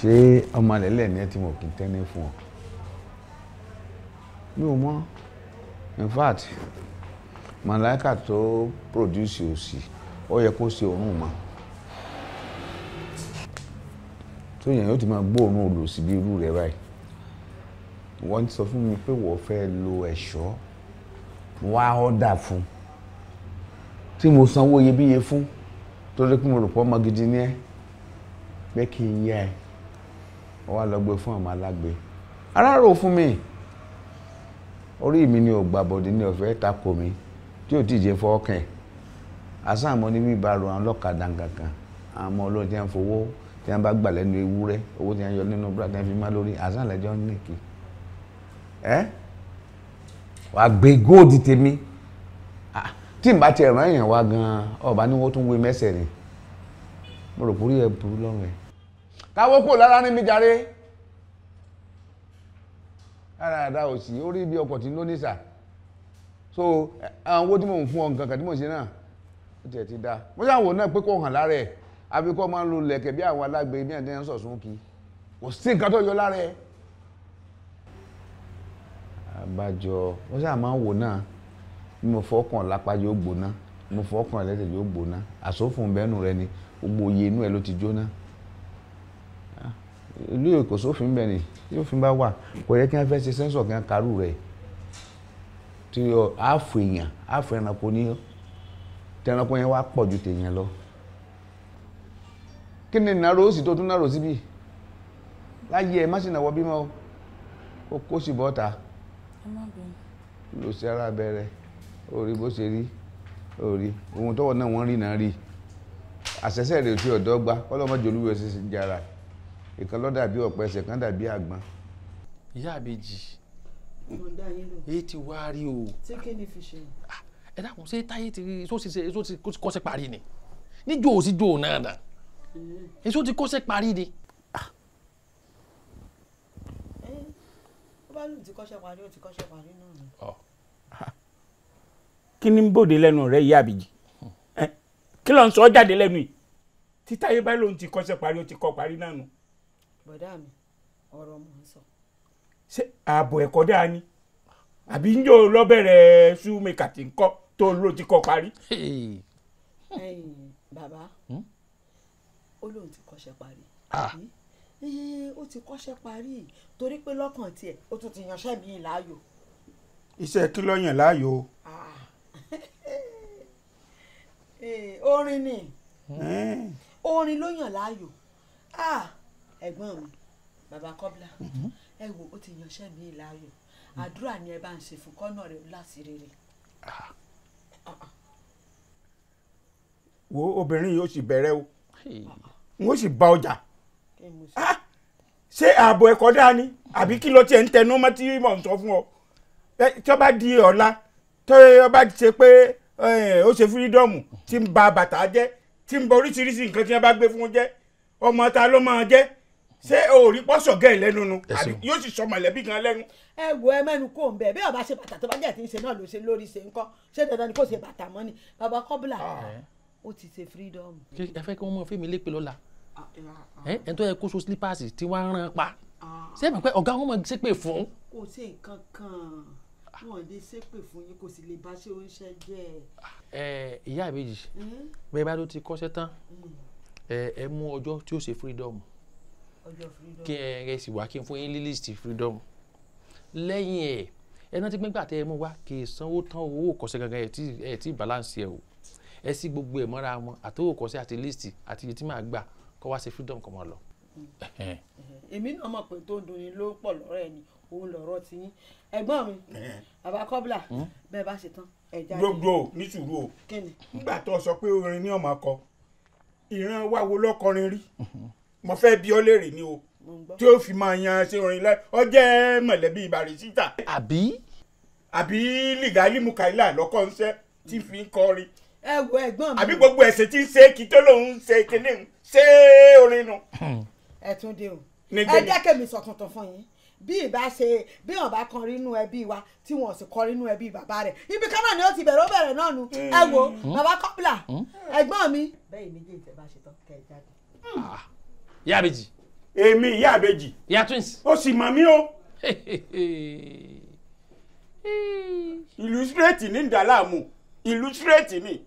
ṣé ọmọ alẹ́lẹ̀ ni ẹ ti mọ̀ kí n tẹ́ni fún ọ mi ò mọ̀ in fact màláìka tó produce òsì ó yẹ kó ṣe òórùn mọ́ tó yẹn yóò ti máa gbóòórùn olùsí bí irú rẹ báyìí wọ́n ti sọ fún mi pé wọ́n fẹ́ lo ẹ̀ṣọ́ wá ọ́dà fún tí mo sanwó iyebíye fún tó lé pé mo rò pọ́ ọmọ gidi ní ẹ pé kí n yá ẹ ó wá lọ gbé fún àwọn alágbe ara rò fún mi orí mi ni ò gbà bọ̀dì ni ọ̀fẹ́ tako mi tí ò tíì jẹ́ fọ́ọ̀kẹ́ asán àmọ́ ní wíbarò àwọn ọlọ́kadà kankan àmọ́ ọlọ́jà ń fowó tí wọ́n bá gbà lẹ́nu ewúrẹ́ owó tí wọ́n yọ nínú búra tí wọ́n fi má lórí asán lẹ́jọ́ ń nìkì ẹ́ wàá gbé góòdì tèmi tí n bá tiẹ̀ rán èèyàn wá gan-an ọba ni wọ́n tún wé mẹ́sẹ̀ ni mo rò kúrí ẹ̀ burú lọ́rùn ẹ̀ káwó kò lára ní mi jàre ara àdá òsì ó rí bí ọkọ̀ tí ló nísà so àwọn owó tí mo ń fún ọ nǹkan kan tí mò ń ṣe náà ó tiẹ̀ ti dá mo ṣàwọn náà pé kò hàn lára ẹ̀ àbí kó máa ń lo lẹ̀kẹ̀ bí àwọn alágbe bí ẹ̀ ń sọ̀sùn kí kò sí nǹkan tó yọ lára ẹ̀. àbájọ mo ṣáà máa ń wò náà bí mo fọkàn lápá yóò gbóná mo fọkàn ẹlẹ́sẹ̀ yóò gbóná àsófùn bẹ́ẹ̀nù rẹ ni gbogbo oyè inú ẹ ló ti jóná ìlú èkó sófin bẹ́ẹ̀ ni yóò fi bá wà kò yẹ kí wọ́n fẹ́ ṣe sẹ́ńsọ̀ kí wọ́n karú rẹ̀ tí àáfò èèyàn àáfò ẹranko ní tẹranko yẹn wá pọ̀ ju tèèyàn lọ kí ni nàró òsì tó tún nàró síbí láyé ẹ má sì nàwọ bímọ o kó sì bọ́ta lò sí ara bẹ̀rẹ̀ ó rí bó ṣe rí o rí ohun tọ́wọ́ náà wọ́n rí náà rí àṣẹṣẹ́ rẹ̀ tí ọ̀dọ́ gba ọlọ́mọdé olúwẹ̀ ṣe jara ìkan ló dàbí ọ̀pẹ ẹsẹ̀ kan dàbí àgbọn. ìyá àbèjì èyí ti wá rí o. ṣé kí ni fi ṣe. Ah, ẹ dákun ṣé táyé ti rí èso ti kọ́sẹ́ parí ni níjó òsì jó náà dà èso mm. ti kọ́sẹ́ parí ni. Ah. ó bá lóun ti kọ́sẹ́ parí ó ti kọ́sẹ́ parí náà ni. Ah. kí ni ń bòde lẹ́nu rẹ̀ ìyá àbèjì hmm. kí ló ń sọ jáde lẹ́nu yìí títáyé bá lóun ti kọ́sẹ́ parí ó ti kọ́ parí náà nù. No? bọ̀dá mi ọ̀rọ̀ mò ń sọ. ṣé ààbò ẹ̀kọ́ dáa ni àbí ń yóò lọ́bẹ̀rẹ̀ ṣúmẹ́kà tí ń kọ́ tó ló ti kọ́ parí. bàbá hmm? ó lóun ti kọ́ṣẹ́ parí ah. ó ti kọ́ṣẹ́ parí torí pé lọ́kàn tiẹ̀ ó tún ti yanṣẹ́ mi láàyò. iṣẹ́ kí ló yàn láàyò. Ah. Eh, orin ni hmm. orin ló yàn láàyò. Ah ẹ̀gbọ́n mi bàbá kọ́bla mm-hmm. ẹ wo ó ti yanṣẹ́ mi láàyò àdúrà ni ẹ bá ń ṣe fún kọ́nà rẹ láti rere. Ah. wo obìnrin yóò sì bẹ̀rẹ̀ o n ó sì ba ọjà ah! ṣé ààbò ẹ̀kọ́ dáa ni àbí kí ló tiẹ̀ ń tẹnu mọ́ tí mò ń sọ fún ọ tí ó bá di ọ̀la tí ó bá ṣe pé ó ṣe fírídọ́ọ̀mù tí ń ba bàtà jẹ́ tí ń bọ oríṣiríṣi nǹkan tí wọ́n bá gbé fún jẹ́ ọmọ ta ló máa jẹ́ ṣé o rí pọ́sọ̀gẹ́ ìlẹ́nu nu àbí yóò sì sọ mọ̀lẹ́bí gan lẹ́nu. ẹ wo ẹ mẹ́nu kò ń bẹ̀ bí ọba ṣe bàtà tó bá jẹ́ ti ń ṣe náà ló ṣe lórí ṣe ń kọ́ ṣé dandan ni kò ṣe bàtà mọ́ ni bàbá kọ́bùlà ah. ó ti ṣe freedom. ẹ fẹ́ kí wọ́n mọ fíìmù lépè lọ́la ah, ah, ẹ tó yẹ kó so slippers tí wọ́n á rán pa ṣé ẹ mọ̀ pé ọ̀gá wọn mọ̀ ṣépè fún. kò sí nǹkan kan wọn lè ṣépè fún yín kò sì lè bá ṣe oúnjẹ jẹ. ẹ ìyá ìbejì hmm? bẹ́ẹ̀ bá ló ti kọ́ṣẹ́ tán hmm. ẹ mú ọjọ́ tí ó ṣe freedom. Mm -hmm kí ẹ ẹ sì wá kí n fún yín ní list freedom lẹ́yìn ẹ̀ ẹ náà ti pín gbà tẹ́ ẹ mú wá kì í sanwó tán owó kọ̀ọ̀sẹ̀ gangan ẹ̀ tí balance ẹ̀ o ẹ sí gbogbo ẹ̀ mọ́ra wọn àtọwọ́ kọ̀ọ̀sẹ̀ àti list àti iye tí màá gbà kọ́ wá sí freedom kọ́ mọ́ lọ. èmi náà mọ̀ pé tó ń dunni ló pọ̀ lọ́rọ̀ ẹ̀ ni òun lọ̀rọ̀ ti yín ẹ̀gbọ́n mi bàbá kọ́bílà hmm? bẹ́ẹ̀ bá ṣe tán ẹ̀já ni. gbogbo ní sùúrù o nígbà tó sọ pé orin ní ọmọ akọ ìran wa wo lọ́kọrin rí mo fẹ́ bí ọ léèrè ni o tí ó fi máa yan ṣe orin láì ọ jẹ́ mọ̀lẹ́bí Barrister. àbí. àbí lìgálí mukaila lọ́kọ́ ńṣẹ́ tí fi ń kọrin. ẹ wo ẹ̀gbọ́n mi. àbí gbogbo ẹ̀sìn tí ń ṣe kí tó lòun ń ṣe kíní ṣe orin nu. ẹ tún dé o ẹ jẹ́ kèmi sọ tuntun fún yín bí ìbá ṣe bí wọn bá kọrin nínú ẹbí wa tí wọn sì kọrin nínú ẹbí bàbá rẹ ibi kan náà ni ó ti bẹ̀rẹ̀ ó bẹ̀rẹ̀ náà nu hmm. ẹ wo hmm. bàbá kọ́pìlà hmm. ẹ̀gbọ́n mi. bẹ́ẹ̀ méjì ìtẹ̀ bá ṣe tán kẹ́ ẹ jáde. Ah ìyá àbèjì. èmi ìyá àbèjì. ìyá twins. ó sì mọ̀ mí o. illustrate ní ìdálàmú illustrate ni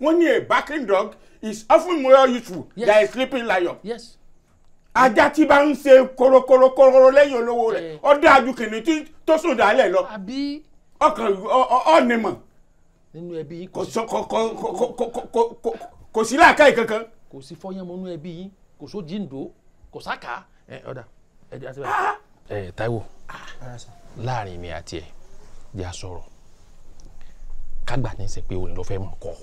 wọ́n ní a backing dog is often more useful yes. than a sleeping lion. Yes ajá tí bá ń ṣe korokorokoro lẹ́yìn olówó rẹ̀ eh. ó dájú kìnìún tó sùn dálẹ̀ lọ ọkàn ọ̀nìmọ̀ kò sí làákàyè kankan. kò sí fọyán mọ́nú ẹbí yín kò só jíǹdó kò sáka ẹ ọ̀dà ẹ di àti bẹ́ẹ̀. Ah, ah. ẹ Táíwò ah. láàrin mi àti ẹ di a sọ̀rọ̀ kágbà ní sẹ pé òní ló fẹ́ mọ̀ kọ́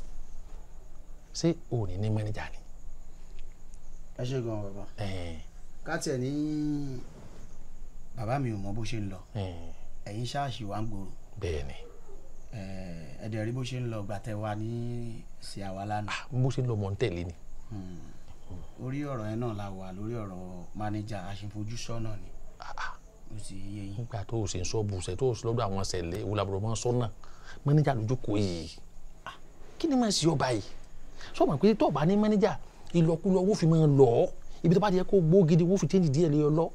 ṣé òní ní mẹ́nẹ́jà ni. ẹ ṣe gan bàbá káàtì ẹ ní bàbá mi ò mọ bó ṣe ń lọ ẹ̀yin ṣáàṣì wa ń gbòòrò. bẹ́ẹ̀ni ẹ̀ẹ́dẹ̀ rí bó ṣe ń lọ gbàtẹ́ wa ní sí lánàá. bó ṣe ń lọ mọ̀ ń tẹ̀lé ni hmm orí ọ̀rọ̀ yẹn náà la wà lórí ọ̀rọ̀ mánéjà aṣèfojúsọ́nà ni ah, ó ti yé yín. nígbà tó o ṣe ń sọ́ọ̀bù ṣe tó o ṣe lọ́dọ̀ àwọn ṣẹlẹ̀ ìwúlàbọ̀rọ̀ mọ́ sọ́nà mánéjà lójú kò yìí ah. kí ni máa ṣe ọba yìí sọ́ọ̀mà pé tó bá ní mánéjà ìlọkulọ owó fi máa lọ ibi tó bá ti yẹ kó gbó gidi owó fi tẹ́ǹdì díẹ̀ lé ọ lọ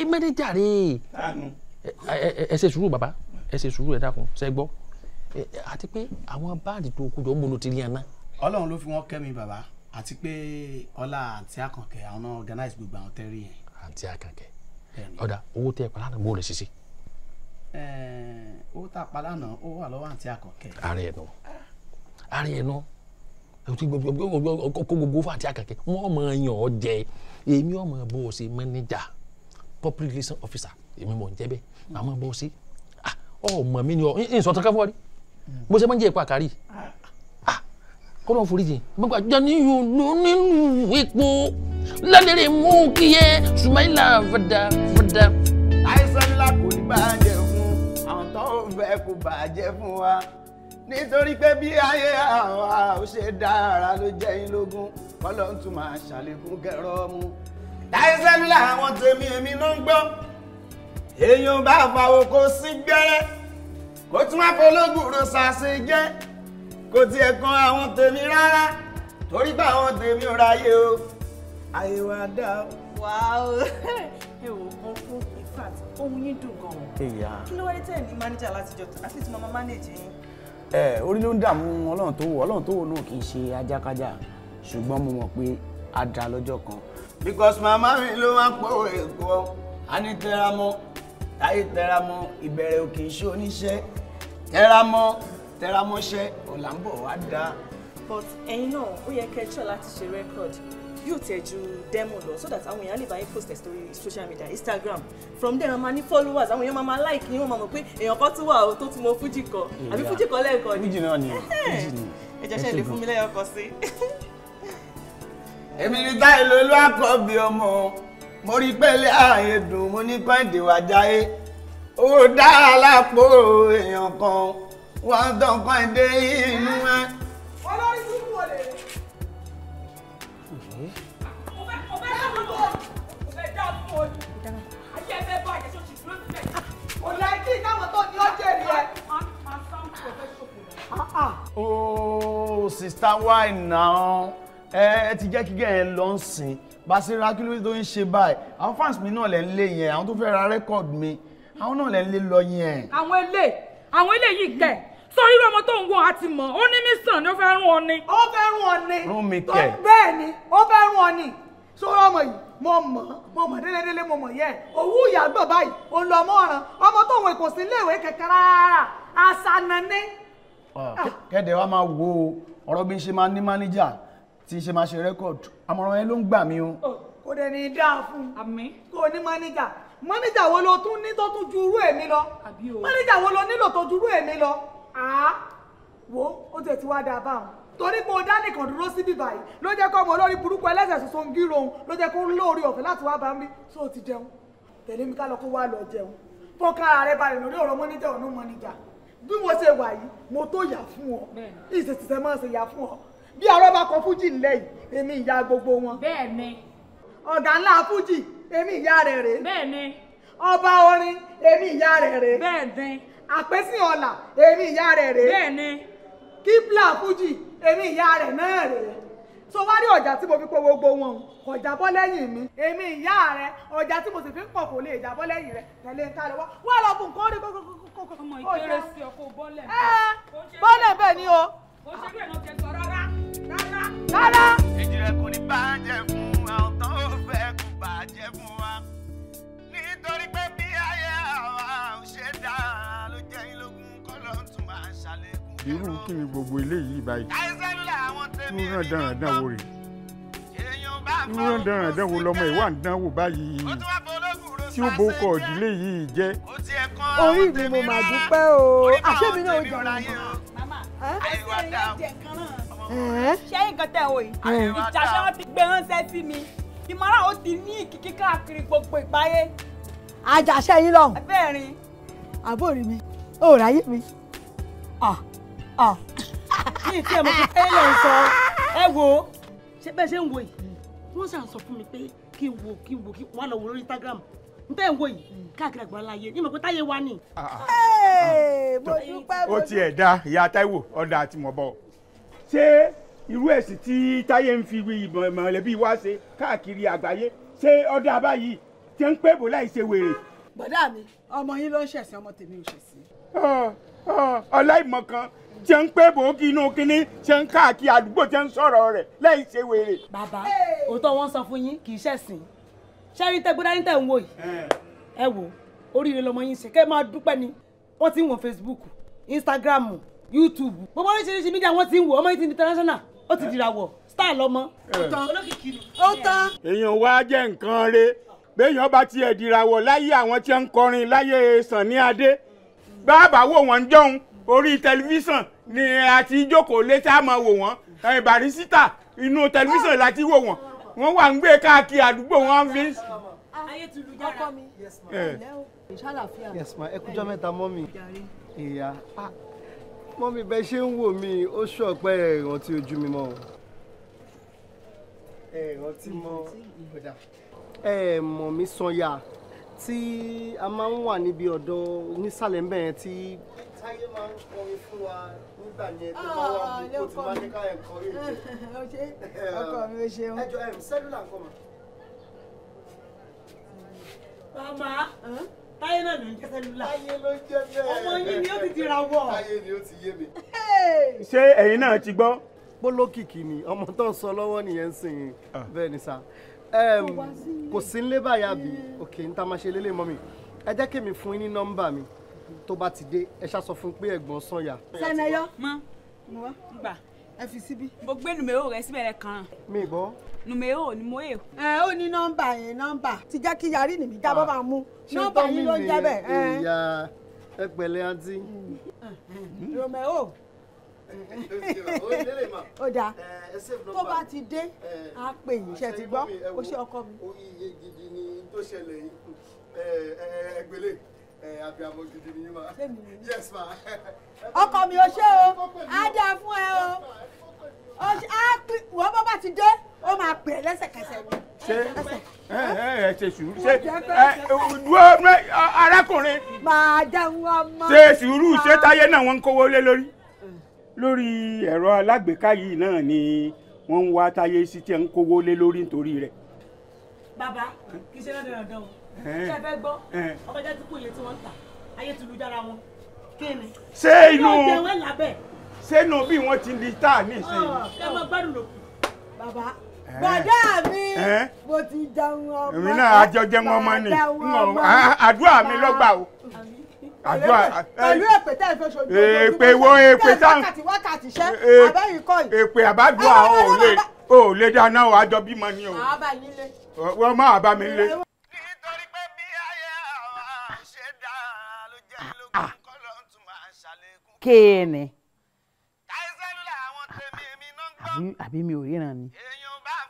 ẹ mánéjà rè é ẹ ṣe sùúrù bàbá ẹ ṣe sùúrù ẹ dákun ṣe gbọ́ àti pé àwọn báàdì tó kú jọ ń bolo ti rí ẹ ná. ọlọ́run ló fi wọ́n kẹ́ mi bàbá àti pé ọlá àǹtí àkànkẹ́ àwọn náà organize gbogbo àwọn tẹ́rí yẹn. àǹtí àkànkẹ́ ọ̀dà owó tẹ́ ẹ pa lánàá bó lè ṣiṣẹ́. owó tá a pa lánàá ó wà lọ́wọ́ àǹtí àkànkẹ́. ààrẹ ẹ̀ nù ààrẹ ẹ̀ nù kó gbogbo fún àǹtí àkànkẹ́ wọ́n mọ̀ yàn ọ́ jẹ èmi ọmọ bó o ṣe manager public relations officer èmi mọ̀ ń jẹ́ bẹ́ẹ̀ àmọ́ bó o ṣe ah, ọmọ mi ni ọ̀ ń sọ̀tàn káfọ́rí bó ṣe máa ń jẹ́ ìpàkárí kọ́lọ́ foríjì gbàgbà nínú nínú ipò lálẹ́rẹ̀ mú kí yẹ Sumaila fada fada. àìsàn ńlá kò ní bàjẹ́ fún àwọn tó ń fẹ́ kó bàjẹ́ fún wa nítorí pé bí ayé àwa ò dára ló jẹ́ yín lógún kọ́lọ́ ń tún máa ṣàlékún kẹrọ mu. àìsàn ńlá àwọn tèmi èmi ló ń gbọ́ èèyàn bá fàwọn kò sí gbẹ́rẹ́ kó tún wá pológùn rò ṣàṣejẹ́ kò tiẹ̀ kan àwọn tèmi rárá torí pé àwọn tèmi ò ráyè o ayé wa dá o. wàá ẹ wò kan fún ifat ohun yín dùn gan-an kí ló wáyé tẹ̀ ní mánéjà látijọ́ àti tí mo máa mánéjì yín. ẹ orí ló ń dààmú ọlọ́run tó wò ọlọ́run tó wò náà kì í ṣe ajákájá ṣùgbọ́n mo mọ̀ pé a dá lọ́jọ́ kan. because màmá mi ló máa ń pòwò èkó a ní tẹramọ́ táyé tẹramọ́ ìbẹ̀rẹ̀ òkè iṣẹ́ oníṣẹ́ tẹramọ́ tẹramọ́ṣẹ́ ọ̀la ń bọ̀ wá dá. but ẹ̀yin náà ó yẹ kẹ́tọ́ láti ṣe record yóò tẹ̀ ju demo lọ so that àwọn èèyàn lè bá yín post ẹ̀ sórí social media instagram from there wọ́n máa ní followers àwọn èèyàn máa máa like yín wọ́n máa mọ̀ pé èèyàn kan tún wà ó tó tún mọ fújì kan mm, àbí fújì kan lẹ́ẹ̀kan ni. fújì náà ni fújì ni ẹ jẹ́ ṣe lè fún mi lẹ́yọ̀ sí. èmi ni táyì ló ló àkọ́bí ọmọ mo rí pẹ́lẹ́ ààyè dùn mo ní kọ́ńdé wájáyé owó dára lápò èèyàn kan wọ́n tọkàn dé inú ẹ. olórí tún wò lè. mo fẹ́ mo fẹ́ dáhùn lọ mo fẹ́ dáhùn fún ọ ayé ẹ bọ́ àjẹ́ ti dúró sílẹ̀ kò lẹ́ kí ìdáhùn tó ní ọjọ́ èrè ẹ. ooo ah, ah. sista wine náà ẹ ti jẹ́ kí gẹ̀yìn lọ sìn basira kí ló tó ń ṣe báyìí àwọn fans mi náà lẹ́ ń lé yẹn àwọn tó fẹ́ ra rẹ́kọ̀dù mi àwọn náà lẹ́ ń lé lọ yẹn. àwọn ilé àwọn ilé yìí kẹ̀ sọrí ọmọ tó ń wo àti mọ̀ ó ní mísàn ni ó fẹ́ rún ọ ni. ó fẹ́ rún ọ ni. rún mi kẹ. bẹ́ẹ̀ ni ó fẹ́ rún ọ ni sórí ọmọ yìí mo mọ̀ mo mọ̀ délédélé mo mọ̀ yẹ òwú ìyàgbọ̀ báyìí òun lọ ọmọ ọ̀ràn ọmọ tó ń wo ìkòsí iléèwé kẹ̀kẹ́ rárá àṣànàní. Ah. kẹ́dẹ̀ wa máa wo ọ̀rọ̀ bí n ṣe máa ní mánéjà tí n ṣe máa ṣe rẹ́kọ̀dù àmọ̀ràn yẹn ló ń gbà mí o. kò dẹ̀ ní í dáa fún un kò ní mánéjà mánéjà wo ló tún ní tó tún ju irú èmi lọ mánéjà wo ló nílò tó ju irú èmi lọ àá wo ó tẹ̀ tí wá dáa báwọn torí pé o dá nìkan dúró síbí báyìí ló jẹ́ kọ́ ọmọ olórí burúkú ẹlẹ́sẹ̀ soso ń gírò òun ló jẹ́ kó lóore ọ̀fẹ́ láti wá bá ń bí tó o ti jẹun tẹ̀lé mi ká lọ kó wá lọ jẹun fọ́nkára rẹ balẹ̀ lórí ọ̀rọ̀ mọ́níjà ọ̀nà mọ́níjà bí mo ṣe wà yìí mo tó yà fún ọ ìṣèṣiṣẹ́ máa ṣe yà fún ọ bí ọ̀rọ̀ bá kọ fújì ńlẹ̀ yìí èmi ìyá gbogbo wọn. bẹ́ẹ̀ni. ọ̀gá ńlá fújì èmi ìyá rẹ̀ rèé. bẹ́ẹ̀ni. ọba orin èmi ìyá rẹ̀ rèé. bẹ́ẹ̀ni àpẹ́sìn ọ̀la èmi ìyá rẹ̀ rèé bẹ́ẹ̀ni kíbla fújì èmi ìyá rẹ̀ náà rèé so wá rí ọjà tí mo fi pò gbogbo wọn kò jábọ́ lẹ́yìn mi èmi ìyá rẹ ọjà tí mo sì fi ń pọ̀ kò lè jábọ́ lẹ́yìn rẹ tẹ̀lé ń tàlẹ́wọ́ wá lọ bùn kó rí kókó ni o. kò ṣe bí ẹ̀nà kẹsàn-án rárá rárá. rárá. èjìrẹ́ kò ní bàjẹ́ fún wa irú kí ni gbogbo eléyìí báyìí irú náà dáradára wo rè irú náà dáradára wo lọmọ ìwà ń dánwò báyìí tí ó bókọ ìdílé yìí jẹ́. orí mi mo máa dúpẹ́ o àṣẹ́mi náà ó jọra mi. ṣé nǹkan tẹ̀ wò yìí ìjà ti gbé ránṣẹ́ sí mi ìmọ̀ràn ó ti ní ìkíkí káàkiri gbogbo ìpáyé. àjàṣe yín lọ. bẹ́ẹ̀ àbórí mi o ráyè mi. Ah, ah. mi ti ẹ̀ mọ̀ pé ẹ lè sọ ẹ wo ṣé bẹ́ẹ̀ ṣe ń wo yìí wọ́n ṣàn sọ fún mi pé kí n wo kí n wo kí wọ́n á lọ wo lórí Instagram n tẹ́ ń wo yìí káàkiri àgbà láàyè ní mọ̀ pé táyé wa ni. Ah, ó tiẹ̀ da ìyá Táíwò ọ̀dà àti mọ̀bọ̀ ṣé irú ẹ̀sìn tí táyé ń fi mọ̀lẹ́bí wa ṣe káàkiri àgbáyé ṣé ọ̀dà báyìí ṣe ń pè bó láì ṣe wèrè. bọ̀dá mi ọmọ yín ló ń ṣẹ̀sìn ọmọ tèmi ò ṣẹ̀sìn aláìmọ̀kan tí ń pé bòókì inú kínní ṣe ń káàkiri àdúgbò tí ń sọ̀rọ̀ rẹ̀ lẹ́yìn ṣe wèrè. bàbá òótọ́ wọn sọ fún yín kì í ṣẹ̀sìn ṣẹ́rí tẹ́ gbọ́dá tẹ̀ ń wò yìí ẹ wò oríire lọmọ yín ṣe kẹ́ máa dúpẹ́ ni wọ́n ti ń wọ Facebook Instagram YouTube gbogbo oríṣiríṣi mídíà wọ́n ti ń wò ọmọ yìí ti international ó ti dìràwọ̀ star lọmọ. ó tán olókìkí ni. ó tán. èèyàn wá jẹ́ nǹkan re béèyàn bá tiẹ̀ dìràwọ̀ láyé àwọn tí ń kọrin láyé Sunny Adé bàbá wò wọ́n jọun orí tẹlifíṣàn ni a ti jókòó létí àmọ́ wò wọ́n Barrister inú tẹlifíṣàn la ti wò wọ́n wọ́n wà ń gbé káàkiri àdúgbò wọn fi. ọkọ mi ṣàlàfíà. yes ma ẹ kújọ mẹ́ta mọ mi ìyá ah, mọ mi bẹ ṣe ń wò mí ó ṣú ọpẹ ìrántí ojú mi o ẹ rántí mọ ẹ mọ mi sanya tí a máa ń wà níbi ọ̀dọ̀ nísàlẹ̀ ńbẹ̀ yẹn tí táyé máa ń kọrin fún wa nígbà yẹn tó máa wà ah, kó ti máa ní ká ẹ̀ kọrin. ọkọ mi ò ṣeun. ẹ jọ sẹ́lúlà nǹkan mọ̀. màmá táyé náà ló ń jẹ́ sẹ́lúlà. táyé ló ń jẹ́ bẹ́ẹ̀. ọmọ yín ni ó ti dira wọ̀. táyé ni ó ti yé mi. ṣé ẹ̀yin náà ti gbọ́? bólókìkì ni ọmọ tó ń sọ lọ́wọ́ nìyẹn sìn ah. bẹ́ẹ̀ ni sá kò sí nílé báyà bí òkè níta máa ṣe lélẹ̀ mọ́ mi ẹ jẹ́ kí mi fún yín ní nọ́mbà mi tó bá ti dé ẹ ṣá sọ fún un pé ẹ̀gbọ́n sọ̀yà. sẹ́nẹ̀yọ́ mọ́ mo gbà ẹ fi síbí. mo gbé nùmẹ́rò rẹ síbẹ̀ rẹ kan. mi gbọ́. nùmẹ́rò ni mo yè. ẹ ó ní nọ́mbà yẹn nọ́mbà ti jẹ́ kí yarí nìmí jábọ́ máa mú nọ́mbà yìí ló ń jẹ́ bẹ́ẹ̀. ṣé tọ́mí ni ìyá ẹ pẹ̀lẹ́ àǹtí. nùmẹ́rò mm. ah, ah. Mm-hmm. ó dáa eh, tó bá ti dé á eh, pè yín iṣẹ́ ti gbọ́ ó ṣe ọkọ mi. iye gidi ni tó ṣẹlẹ̀ yìí eh, ẹgbẹ́lẹ̀ abiyamọ gidi ni yín ma yes ma. ọkọ mi ò ṣe o á dáa fún ẹ o wọ́n bá bá ti dé ó máa pè é lẹ́sẹ̀kẹsẹ̀ ni. ṣé ẹ ẹ ṣe sùúrù ṣe ẹ dúró arákùnrin. màá dáhùn ọmọ. ṣe sùúrù ṣe táyé náà wọ́n ń kówó lé lórí lórí ẹ̀rọ alágbèéká yìí náà ni wọ́n ń wá táyé sí tí ẹ̀ ń kówó lé lórí nítorí rẹ̀. bàbá kì í ṣe lọ́dọ̀ ọ̀dọ́ o ṣé ẹ fẹ́ gbọ́ ọkọjá tí kò yẹ tí wọ́n ń tà ayé ti lu jára wọn kí ni. ṣé inú ṣé inú bí wọ́n ti di tá a ní ìsinyìí. ẹ mọ gbádùn lòkù. bàbá bọ̀dá mi mo ti jẹun ọmọ. èmi náà àjọ jẹun ọmọ ni àdúrà mi lọ́gbà o àdúrà pẹ̀lú èpè tẹ́ ẹ fẹ́ sojú èpè wo èpè tá wákàtí iṣẹ́ àbẹ́yìn kọ́ yìí. èpè àbádùá ò lè ò lè dáná o àjọ bímọ ni o wọ́n máa bá mi lé. nítorí pé bí ayé àwọn ṣe dá ló jẹ́ lókun ah. kọ́ ló ń tún kéènì. àbí mi ò ríran ni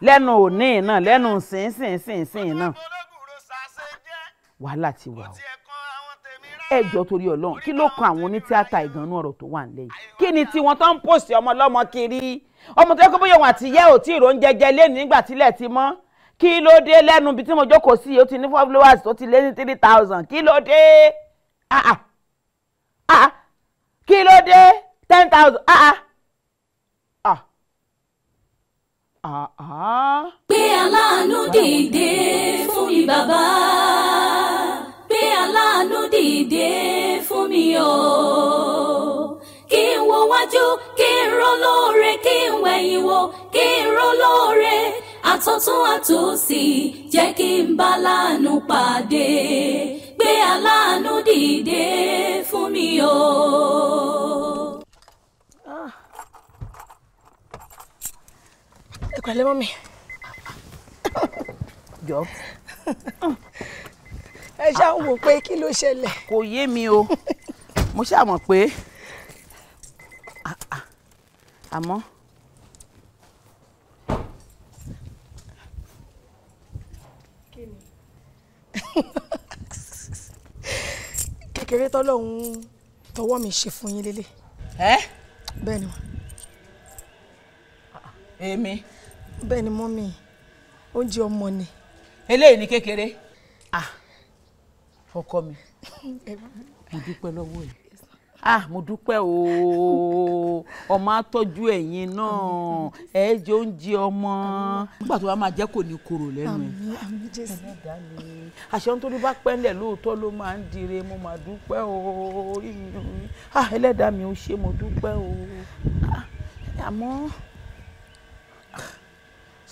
lẹ́nu òní náà lẹ́nu sínsìnsìnsìn náà wàhálà ti wà o ẹjọ́ torí ọlọ́run kí ló kan àwọn onítìátà ìgànnú ọ̀rọ̀ tó wà nílẹ̀ yìí kí ni tiwọn tó ń pòsì ọmọ ọlọ́mọ kiri ọmọ tó yẹ kó bóyá òun àti ìyá ò tí ì ròún jẹjẹ lẹ́nu nígbà tílẹ̀ ti mọ́ kí ló dé lẹ́nu ibi tí mo jókòó sí ó ti ní followers tó ti lé ní three thousand kí ló dé ah, ah. Ah, kí ló dé ten thousand pé aláàánú dìde fún mi bàbá. ala aláàánú dìde fún mi o kí n wo wájú kí n rọ lóore kí n wẹ̀yìn wò kí n rọ lóore àtọ̀tún àtòsì jẹ́ kí n bá láàánú pàdé ala aláàánú dìde fún mi o. Ah. ẹ pẹ̀lẹ́ mọ́ ẹ ṣáà ń wò pé kí ló ṣẹlẹ̀. kò yé mi o mo ṣáà mọ̀ pé àmọ́. kékeré tọ́lọ́hún tọwọ́ mi ṣe fún yín lélẹ̀. ẹ. bẹ́ẹ̀ ni wọ́n. èmi. bẹ́ẹ̀ ni mọ́mì oúnjẹ ọmọ ni. eléyìí ni kékeré ọkọ mi mo dúpẹ́ lọ́wọ́ yìí ah mo dúpẹ́ ooo ọmọ atọ́jú ẹ̀yin náà ẹ jẹ oúnjẹ ọmọ nígbà tó bá máa jẹ́ kò ní korò lẹ́nu ẹ̀ àṣẹ ohun tó ní bá pẹ́ńlẹ̀ lóòótọ́ ló máa ń dire mo máa dúpẹ́ ooo orí mi ò ní ah ẹlẹ́dàá mi ò ṣe mo dúpẹ́ ooo ah, àmọ́ ah,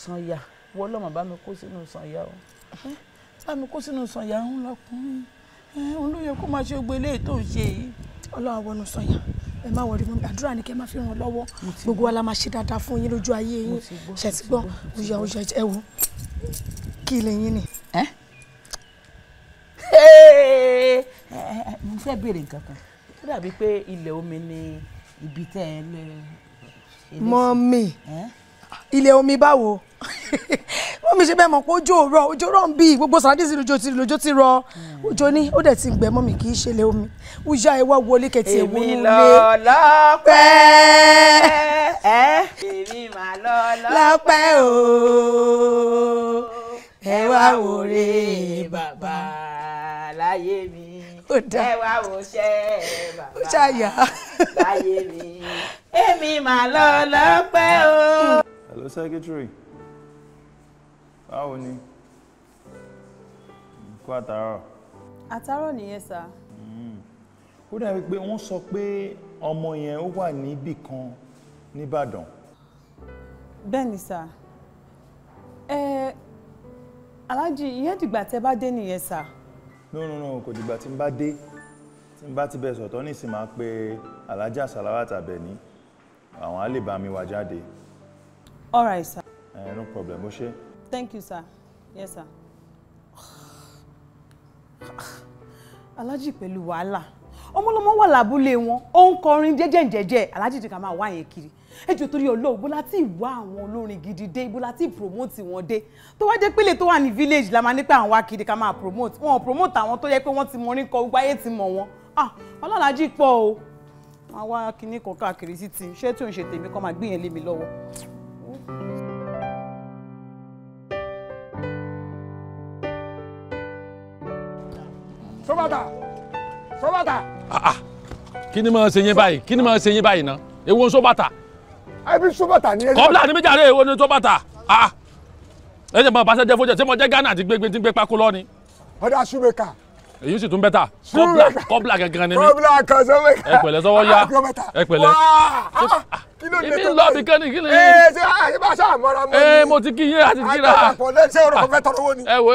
sànyà wọ́n lọ́mọ bá mi kó sínú sànyà o bá mi kó sínú sànyà ń lọkùnrin yẹ kó máa ṣe gbélé tó ń ṣe yìí. ọlọ́wà wọnú sọ̀yà ẹ má wọrí mọ́mí àdúrà ni kẹ́ máa fi ràn lọ́wọ́ gbogbo wa la máa ṣe dáadáa fún yín lójú ayé yín ṣètìgbọ́n òyà òyà ẹ wo kí ilé yín ni. ẹ mo fẹ́ béèrè nǹkan kan ó dàbí pé ilẹ̀ omi ni ibi tẹ́ ẹ lọ. mọ́mì ilẹ̀ omi báwo mọ́mí ṣe bẹ́ẹ̀ mọ̀ pé ojú òrọ̀ ojú rọ̀ ń bí gbogbo sàrádì sí lójó ti lójó ti rọ ojú ní ó dẹ̀ ti gbẹ mọ́mí kì í ṣe lé omi wúyà ẹwà wọlé kẹtì ẹ̀wọ̀ nílé. èmi lọ lọ́pẹ́ èmi mà lọ lọ́pẹ́ o ẹ wá wòrè bàbá láyé mi ó wò ṣe bàbá láyé mi èmi mà lọ lọ́pẹ́ o. hello secretary báwo ni kú àtàárọ̀. àtàárọ̀ nìyẹn sà. Hmm. ó dàbí pé wọ́n sọ pé ọmọ yẹn ó wà níbì kan nìbàdàn. bẹ́ẹ̀ ni sà ẹ aláàjì ìyẹn dìgbà tẹ bá dé nìyẹn sà. no no no kò dìgbà tí n bá dé tí n bá ti bẹ sọ̀tọ̀ nísìnyí máa pe alájà sàláwà tàbẹ̀ ní àwọn á lè bá mi wá jáde. all right sir. Eh, no problem ó ṣe. Sure. Thank you, sir. Yes, sir. Alaji pẹ̀lú wàhálà. Ọmọlọmọ wà lábúlé wọn, ó ń kọrin jẹ́jẹ́jẹ́jẹ́, alájì ti ká máa wá yẹn kiri. Ẹ jọ̀ọ́ torí Ọlọ́run, bó láti wá àwọn olórin gidi dé, bó láti promote wọn dé. Tó wá jẹ́ pélé tó wà ní village la máa ní pé àwọn wá kiri ká máa promote. Wọn promote àwọn tó yẹ pé wọ́n ti mọ orin kọ gbogbo ayé ti mọ̀ wọn. Ah, ọlọ́lájì pọ̀ o. Àwọn wá kinní kan káàkiri sí ti, ṣé tí òun ṣe tèmi kan máa gbìyànjú mi lọ́wọ́. sọ́bàtà sọ́bàtà. Ah, ah. kí ni máa ṣe yín báyìí kí ni máa ṣe yín báyìí ná èwo ń sọ́bàtà. ibi sọ́bàtà ni ẹjọ́ kọ́bílà ni méjàre èwo ni sọ́bàtà ah, ẹ jẹ́ mọ bá ṣẹ́jẹ́ fojẹ́ ṣé mo jẹ́ Ghana àti gbégbé tí ń gbé pákó lọ ni. ọ̀dà ṣùgbẹ́ka. èyí sì tún bẹ́tà kọ́bílà kọ́bílà gangan ni mí. kọ́bílà kan sọ́bẹ̀ka. ẹ pẹ̀lẹ́ sọ́wọ́ yá ẹ pẹ̀lẹ́ ló lè tó. ibi lọ bìkan ni kí ni. ee ṣe àyè ah, bá ṣáà mọ́ra mọ́ ni. ee mo ti kí yín àti kíra. àgbàpọ̀ lẹ́yìn ṣé orúkọ fẹ́ tọrọ owó ni. ẹ wo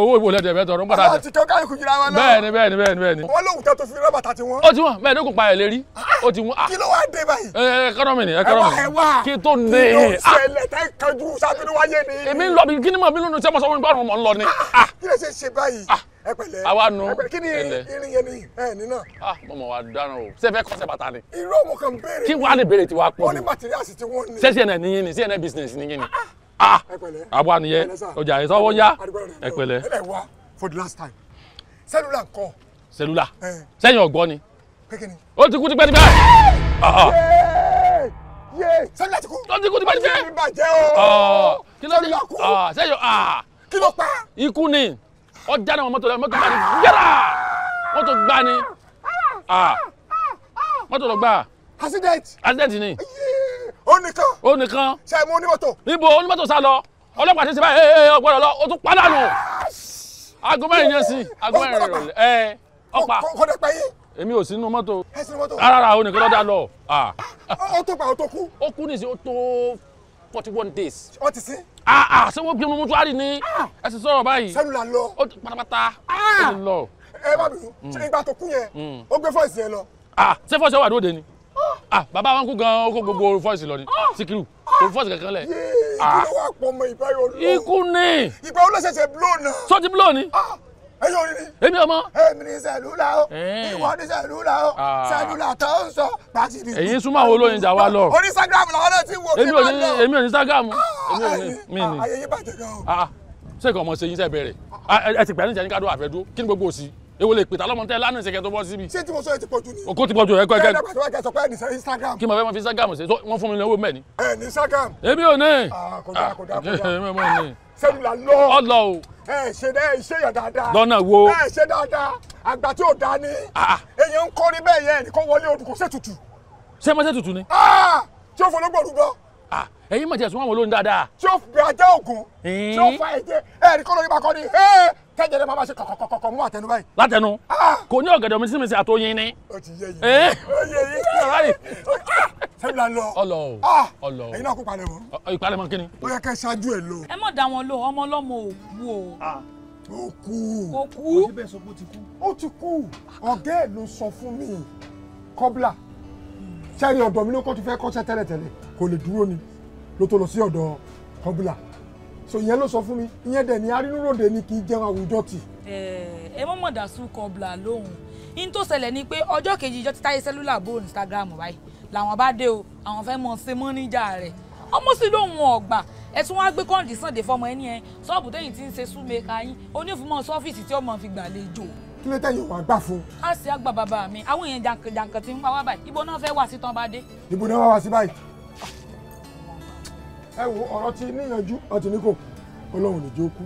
owó ìwò lẹ́dẹ̀ fẹ́ tọrọ ń padà. àwọn ti kẹ́kẹ́ ikú jira wọn náà. bẹ́ẹ̀ni bẹ́ẹ̀ni bẹ́ẹ̀ni bẹ́ẹ̀ni. wọn lóhùn tó fi rọ́bà tà ti wọn. ó ti wọn bẹ́ẹ̀ dókun payẹ lérí ah, ó ti wọn. Ah. kí ló wá dé báyìí. ẹ ẹ kọ́nọ́mì ni ẹ kọ́nọ́mì ni. ẹ wá kí tó ne. kí ló ṣẹlẹ̀ tẹ́ kanjú sábínú wáyé ni. èmi ń lọ bí kí ni mo bí lónìí sẹ́mọ̀sọ́wọ́n gbọ́dọ̀ mọ̀ ń lọ ni. kí ló ṣe ṣe báyìí ẹ pẹ̀lẹ́ nu kí ni irin yẹn ni ẹ nínà. ah mo mọ wa dáná o ṣe kọsẹ bàtà ni. irọ́ mo kàn béèrè. kí wàá lè béèrè tiwa pọ̀ ni. wọ́n ní materials tí wọ́n ní. ṣé cnn ni yín ni business ni ni. ah, ah, ah. ah àwa nìyẹn ọjà yìí sọ́wọ́ yá ẹ ẹ wá for the last time cellular kọ. cellular sẹ́yìn ọ̀gbọ́n ni. kékeré. ó ti kú tipẹ́tipẹ́ yé sẹ́lẹ̀ ti kú. ló ti kú ti bá ti fẹ́. ti bàjẹ́ o. kí ló ti kí ló pa. ikú ni ọjà náà mọ́tò lẹ́nu mọ́tò gbani yàrá mọ́tò gbani mọ́tò lọ gbà. accident. accident ni. O nìkan. O nìkan. ṣe mo onímọ́tò. ibo onímọ́tò sá lọ ọlọ́pàá ti ṣe báyìí ee ọgbọ́dọ̀ lọ o tún pàdánù. aago mẹ́rin yẹn sí aago mẹ́rin rẹ̀ ẹ ọ̀pá. kọ́dọ̀ pẹ́ yín. èmi ò sí inú mọ́tò. ẹ sí mọ́tò. rárá o nìkan lọ́dà lọ. ó tó pa ó tó kú. ó kú nìsí ó tó forty one days. ó ti sin. Ah, ah ṣé wọ́n pinnu mọ́túárì ni ah. ẹ sì sọ̀rọ̀ báyìí sẹ́nu là ń lọ ó ti pátápátá ah. ó ti lọ. ẹ bá bínú mm. ṣe ìgbà tó kún yẹn mm. ó gbé fọ́ọ̀sì yẹn lọ. ṣé fọ́ọ̀sì wà lóde ni oh. bàbá wa ń kú gan-an ó kó gbogbo orí oh. fọ́ọ̀sì lọ ni oh. Síkírù orí fọ́ọ̀sì kankan lẹ̀. ikú ni. ìgbà wo ló ṣẹ̀ṣẹ̀ blow náà. sọ ti blow ni ẹyọ orin ni. èmi ọmọ. èmi ni sẹ̀lúlà o ìwọ ni sẹ̀lúlà o sẹ̀lúlà ah. tó ń sọ èyí súnmọ́ àwọn olóyin jà wá lọ. orí instagram làwọn náà ti wo kí máa lọ. èmi ò ní instagram ah, èmi ò ní mi ni. Ah, ayé yín bàjẹ́ gan o. ṣé kò mọ̀ ṣe yín sẹ́ bẹ̀rẹ̀ ẹ ti gbẹ́nu jẹ́ni kádùn àfẹ́dúró kí ni gbogbo òsì èwo lè pè tá lọ́mọ tẹ́ lánàá ìṣẹ̀kẹ́ tó bọ́ síbi. ṣé tí mo sọ ẹ pọ̀jù ni. òkú ti pọ̀jù ẹ kọ́ sẹ́nu là lọ. ọlọ o. ẹ ṣe dẹ iṣẹ́ yẹn dáadáa. lọ́nà wo. ẹ ṣe dáadáa àgbà tí ò dá ni. Ah, ah. èèyàn ń kọrin bẹ́ẹ̀ yẹn ẹnìkan wọlé odò kò ṣètùtù. ṣé mo ni. Ah! tí ó fọlọ́gbọ̀n rúbọ. Ah, ẹ̀yin mọ̀ tí ẹ̀sùn wọn lóhun dáadáa. tí ó fi ajá ògùn tí ó fa ẹ̀jẹ̀ ẹ̀rí kọ́ lórí bàkọ́ ni tẹ́jẹ̀ lẹ́ẹ̀ máa ṣe kọ̀kọ̀kọ̀kọ̀ mú àtẹnu báyìí. látẹnu ah! kò ní ọ̀gẹ̀dẹ̀ omi sísèmísì àtòyìn ni. o ti yé yìí o yé yìí sẹ́mi la lọ ọlọ o ah! ọlọ o ẹ̀yin náà kó palẹ̀mọ́. ìpalẹ̀mọ́ kí ni. ó yẹ kẹ́ ṣáájú ẹ̀ lọ. ẹ mọ̀ dá wọn lọ ọmọ ọlọ́mọ òkú o ó kú ó kú ó ti kú ọ̀gá ẹ̀ ló sọ fún mi kọ́bla sẹ́ni ọ̀dọ̀ mi ló kọ́ ti fẹ́ kọ́ṣẹ́ tẹ́lẹ̀tẹ́lẹ̀ kò lè dúró ni ló tó lọ sí ọ̀dọ̀ kọ́bùlà so ìyẹn ló sọ fún mi ìyẹn dẹ̀ ni arínúròde ni kì í jẹun àwùjọ tì. ẹ ẹ mọ mọ dàsú kọ́bùlà lóhùn in tó ṣẹlẹ̀ ni pé ọjọ́ kejì ìjọ ti táyé sẹ́lúlà bó Instagram báyìí làwọn bá dé o àwọn fẹ́ mọ ṣe mọ́ níjà rẹ̀ ọmọ sì lóhùn ọ̀gbà ẹ tún wáá gbé kọ́ńdì sànde fọmọ ẹni ẹ ṣọ́ọ̀bù tẹ́yìn ti ń ṣe súnmẹ́ka yín onífùmọ́ sọ́fíìsì tí ọmọ fi gbàlejò kí ló tẹ̀yìn wá gbà fún. a sì àgbà bàbá mi àwọn èèyàn jàǹkànjàǹkàn ti ń pa wá báyìí ibo náà fẹ́ wá sí tán bá dé. ibo náà wá wá sí báyìí. ẹ wo ọ̀rọ̀ ti níyanjú ọtí ní kò ọlọ́run lè jókú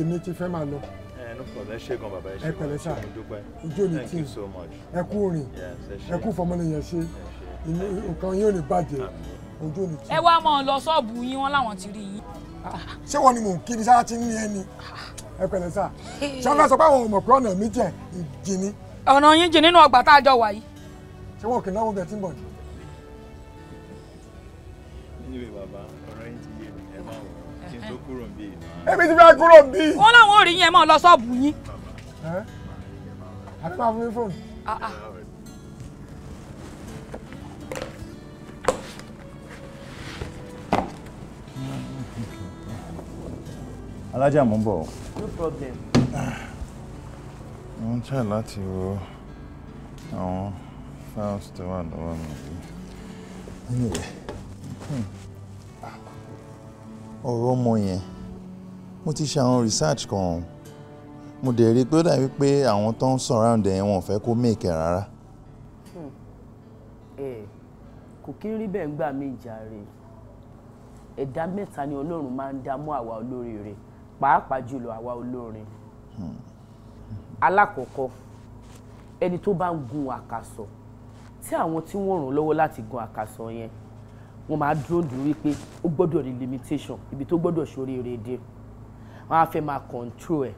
èmi ti fẹ́ máa lọ. ẹ pẹ̀lẹ́ sá ojú ni tí ẹ kú rìn ẹ kú fọmọlẹ́yìn ṣe nǹkan yóò ní bàjẹ́ ojú ni tí. ẹ wá máa lọ ṣọ́ọ̀bù yín wọn láwọn ti rí yín ṣé wọn ni mò ń kí ni sára ti ń ní ẹni ẹ pẹ̀lẹ́ sá ṣé wọn fẹ́ sọ pé àwọn ọmọ pé ọ̀nà mi jẹ ìjìní. ọ̀nà yín jìn nínú ọgbà tá a jọ wà yìí. ṣé wọn kì í náwó bẹ́ẹ̀ tí ń bọ̀ ni. níbi bàbá ọ̀rọ̀ yín ti yé mi ẹ máa wọ̀ kí n fẹ́ kúrò bí. wọn láwọn ò rí yín ẹ máa lọ ṣọ́ọ̀bù yín. àbí máa fún mi fóònù. Ah, ah. alájà mò ń bọ̀. no problem. mo ń tẹ̀ láti wo àwọn files tó wà lọ́wọ́ mi yìí. Hmm. ọ̀rọ̀ ọmọ yẹn mo ti ṣe àwọn research kan mo dẹ̀ rí i pé ó dàbí pé àwọn tó ń surround ẹ̀ wọn ò fẹ́ kó make ẹ̀ rárá. Hmm. ẹ kò kí ń rí bẹ́ẹ̀ ń gbà mí ìjà rẹ̀ ẹ̀dá mẹ́ta ni Ọlọ́run máa ń dá mọ́ àwa olóríire pàápàá jùlọ àwa olórin alákọ̀ọ́kọ́ ẹni tó bá ń gun àkàsọ̀ tí àwọn tí wọ́n ràn lọ́wọ́ láti gun àkàsọ̀ yẹn wọ́n máa dúró dúró wípé ó gbọ́dọ̀ rí limitation ibi tó gbọ́dọ̀ ṣoríire dé wọ́n á fẹ́ máa control ẹ̀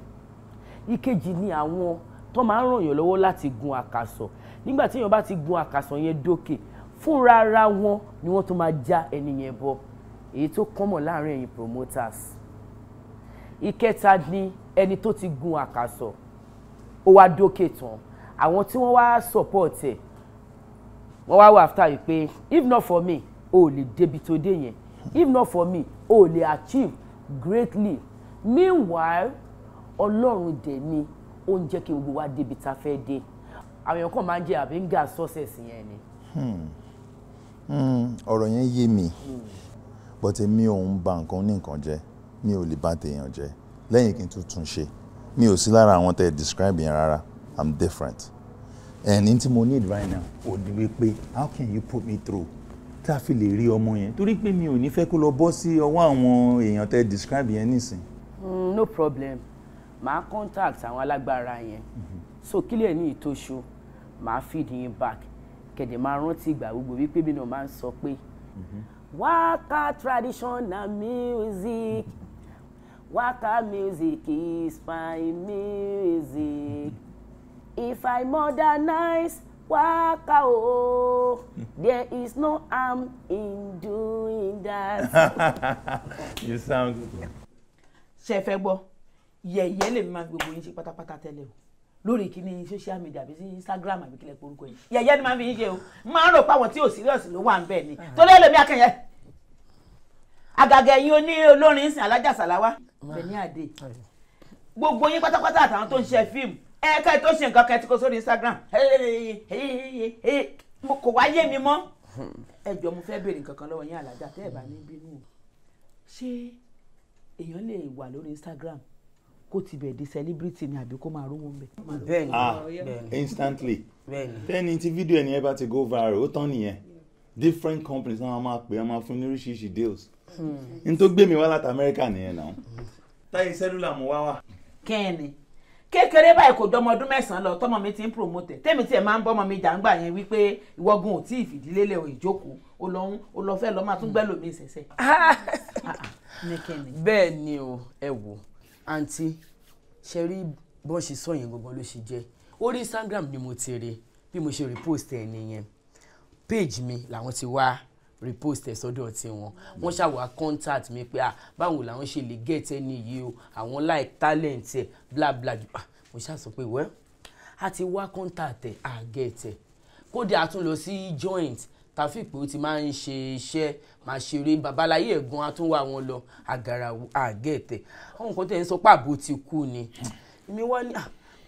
ìkejì ni àwọn tó máa ń ràn yàn lọ́wọ́ láti gun àkàsọ̀ nígbà tí èèyàn bá ti gun àkàsọ̀ yẹn dókè fúnra ara wọn ni wọ́n tó máa já ẹni yẹn bọ èyí tó kọ́mọ̀ láàrin ẹ̀yin promoters ìkẹta ni ẹni tó ti gun àkàsọ̀ ó wá dókè tán àwọn tí wọ́n wá support ẹ̀ wọ́n wá wà after yìí pé if not for me o ò lè débi tó dé yẹn if not for me o lè achieve greatly meanwhile ọlọ́run dẹ̀ ni ó ń jẹ́ kí gbogbo wa débi tá a fẹ́ dé àwọn èèyàn kan máa ń jẹ àbíngà success yẹn ni. Hmm. Hmm. ọ̀rọ̀ yẹn yé mi hmm. but èmi ò ń ba nǹkan ní nǹkan jẹ́ mi ò lè bá tèèyàn jẹ́ lẹ́yìn kí n tún tún ṣe mi ò sí lára àwọn tẹ́ ẹ describe yẹn rárá i'm different ẹni tí mo need right now ò ní wípé how can you put me through tá a fi lè rí ọmọ yẹn torí pé mi ò ní fẹ́ kó lọ bọ́ sí ọwọ́ àwọn èèyàn tẹ́ ẹ describe yẹn nísìn. Mm, no problem màá contact àwọn alágbára yẹn mm-hmm. so kílẹ̀ ní ìtòṣo màá feed yín back kẹ̀dẹ̀ máa rántí ìgbà gbogbo wípé mi náà máa ń sọ pé mm-hmm. wákà traditional music. Waka music is my music. If I modernize, waka oh, there is no harm in doing that. you sound good. ṣe fẹ́ gbọ́ yẹ̀yẹ́ lèmi máa gbogbo yín ṣe pátápátá tẹ́lẹ̀ o lórí kíní social media àbí Instagram àbí kílẹ̀ porúkọ yìí yẹ̀yẹ́ ni máa fi ń ṣe o máa ń rò páwọn tí ò serious ló wà ń bẹ̀ ni ah. torí ẹlòmíà kẹyẹ àgàgà ẹ̀yin oní olórin sìn alájà sàláwá bẹ̀ni àdè gbogbo yín pátápátá àtàwọn tó ń ṣe fíìmù ẹ̀ka ètò ṣe nǹkan kan ti kó sórí Instagram kò wáyé mi mọ́ ẹ jọ̀ọ́ mo fẹ́ béèrè nǹkan kan lọ́wọ́ yín alájà tẹ́ ẹ̀ bá ní bínú o ṣé èèyàn lè wà lórí Instagram kó ti bẹ̀ di celebrity ni àbí kó máa rówó bẹ̀. bẹ́ẹ̀ni ah instantly bẹ́ẹ̀ni tẹ́ni tí fídíò ẹni ẹ bá ti go viral ó tán nìyẹn different companies náà wọ́n máa pè wọ́n máa fún ní oríṣiríṣi deals hmm. n tó gbé mi wá láti Amẹ́ríkà nìyẹn náà táyé sẹ́lúlà mo wá wà. kẹ́ni kékeré báyìí kò dọmọ ọdún mẹ́sàn-án lọ tọmọ mi ti ń promote tèmi tiẹ̀ máa ń bọ́mọ mi jàǹgbà yẹn wípé ìwọ́gun ò tí ì fìdílélẹ̀ ò ìjókòó o lọ o lọ fẹ́ lọ máa tún gbẹ́ lómi ìṣẹ̀ṣẹ̀. bẹ́ẹ̀ ni o ẹ wò àǹtí ṣe rí bọ́n ṣe sọ yẹn gangan ló ṣe jẹ́ orí Instagram ni mo ti rí bí mo ṣe repost ẹ̀ nìyẹn page mi làwọn ti wá repost ẹ sọ́dọ̀ tiwọn wọ́n ṣàwà contact mi pé ah báwo làwọn ṣe lè get ẹni yìí o àwọn like talent ẹ bla bla mo ṣàṣọ pé well a ti wá contact ẹ a get ẹ kódà a tún lọ sí joint tàfíìpì ó ti máa ń ṣe iṣẹ́ máa ṣeré babaláyé ẹ̀gbọ́n a tún wá wọn lọ àgàrà àgẹ̀tẹ̀ àwọn nǹkan tẹ̀ ń sọ pàbó ti kú ni èmi wá ní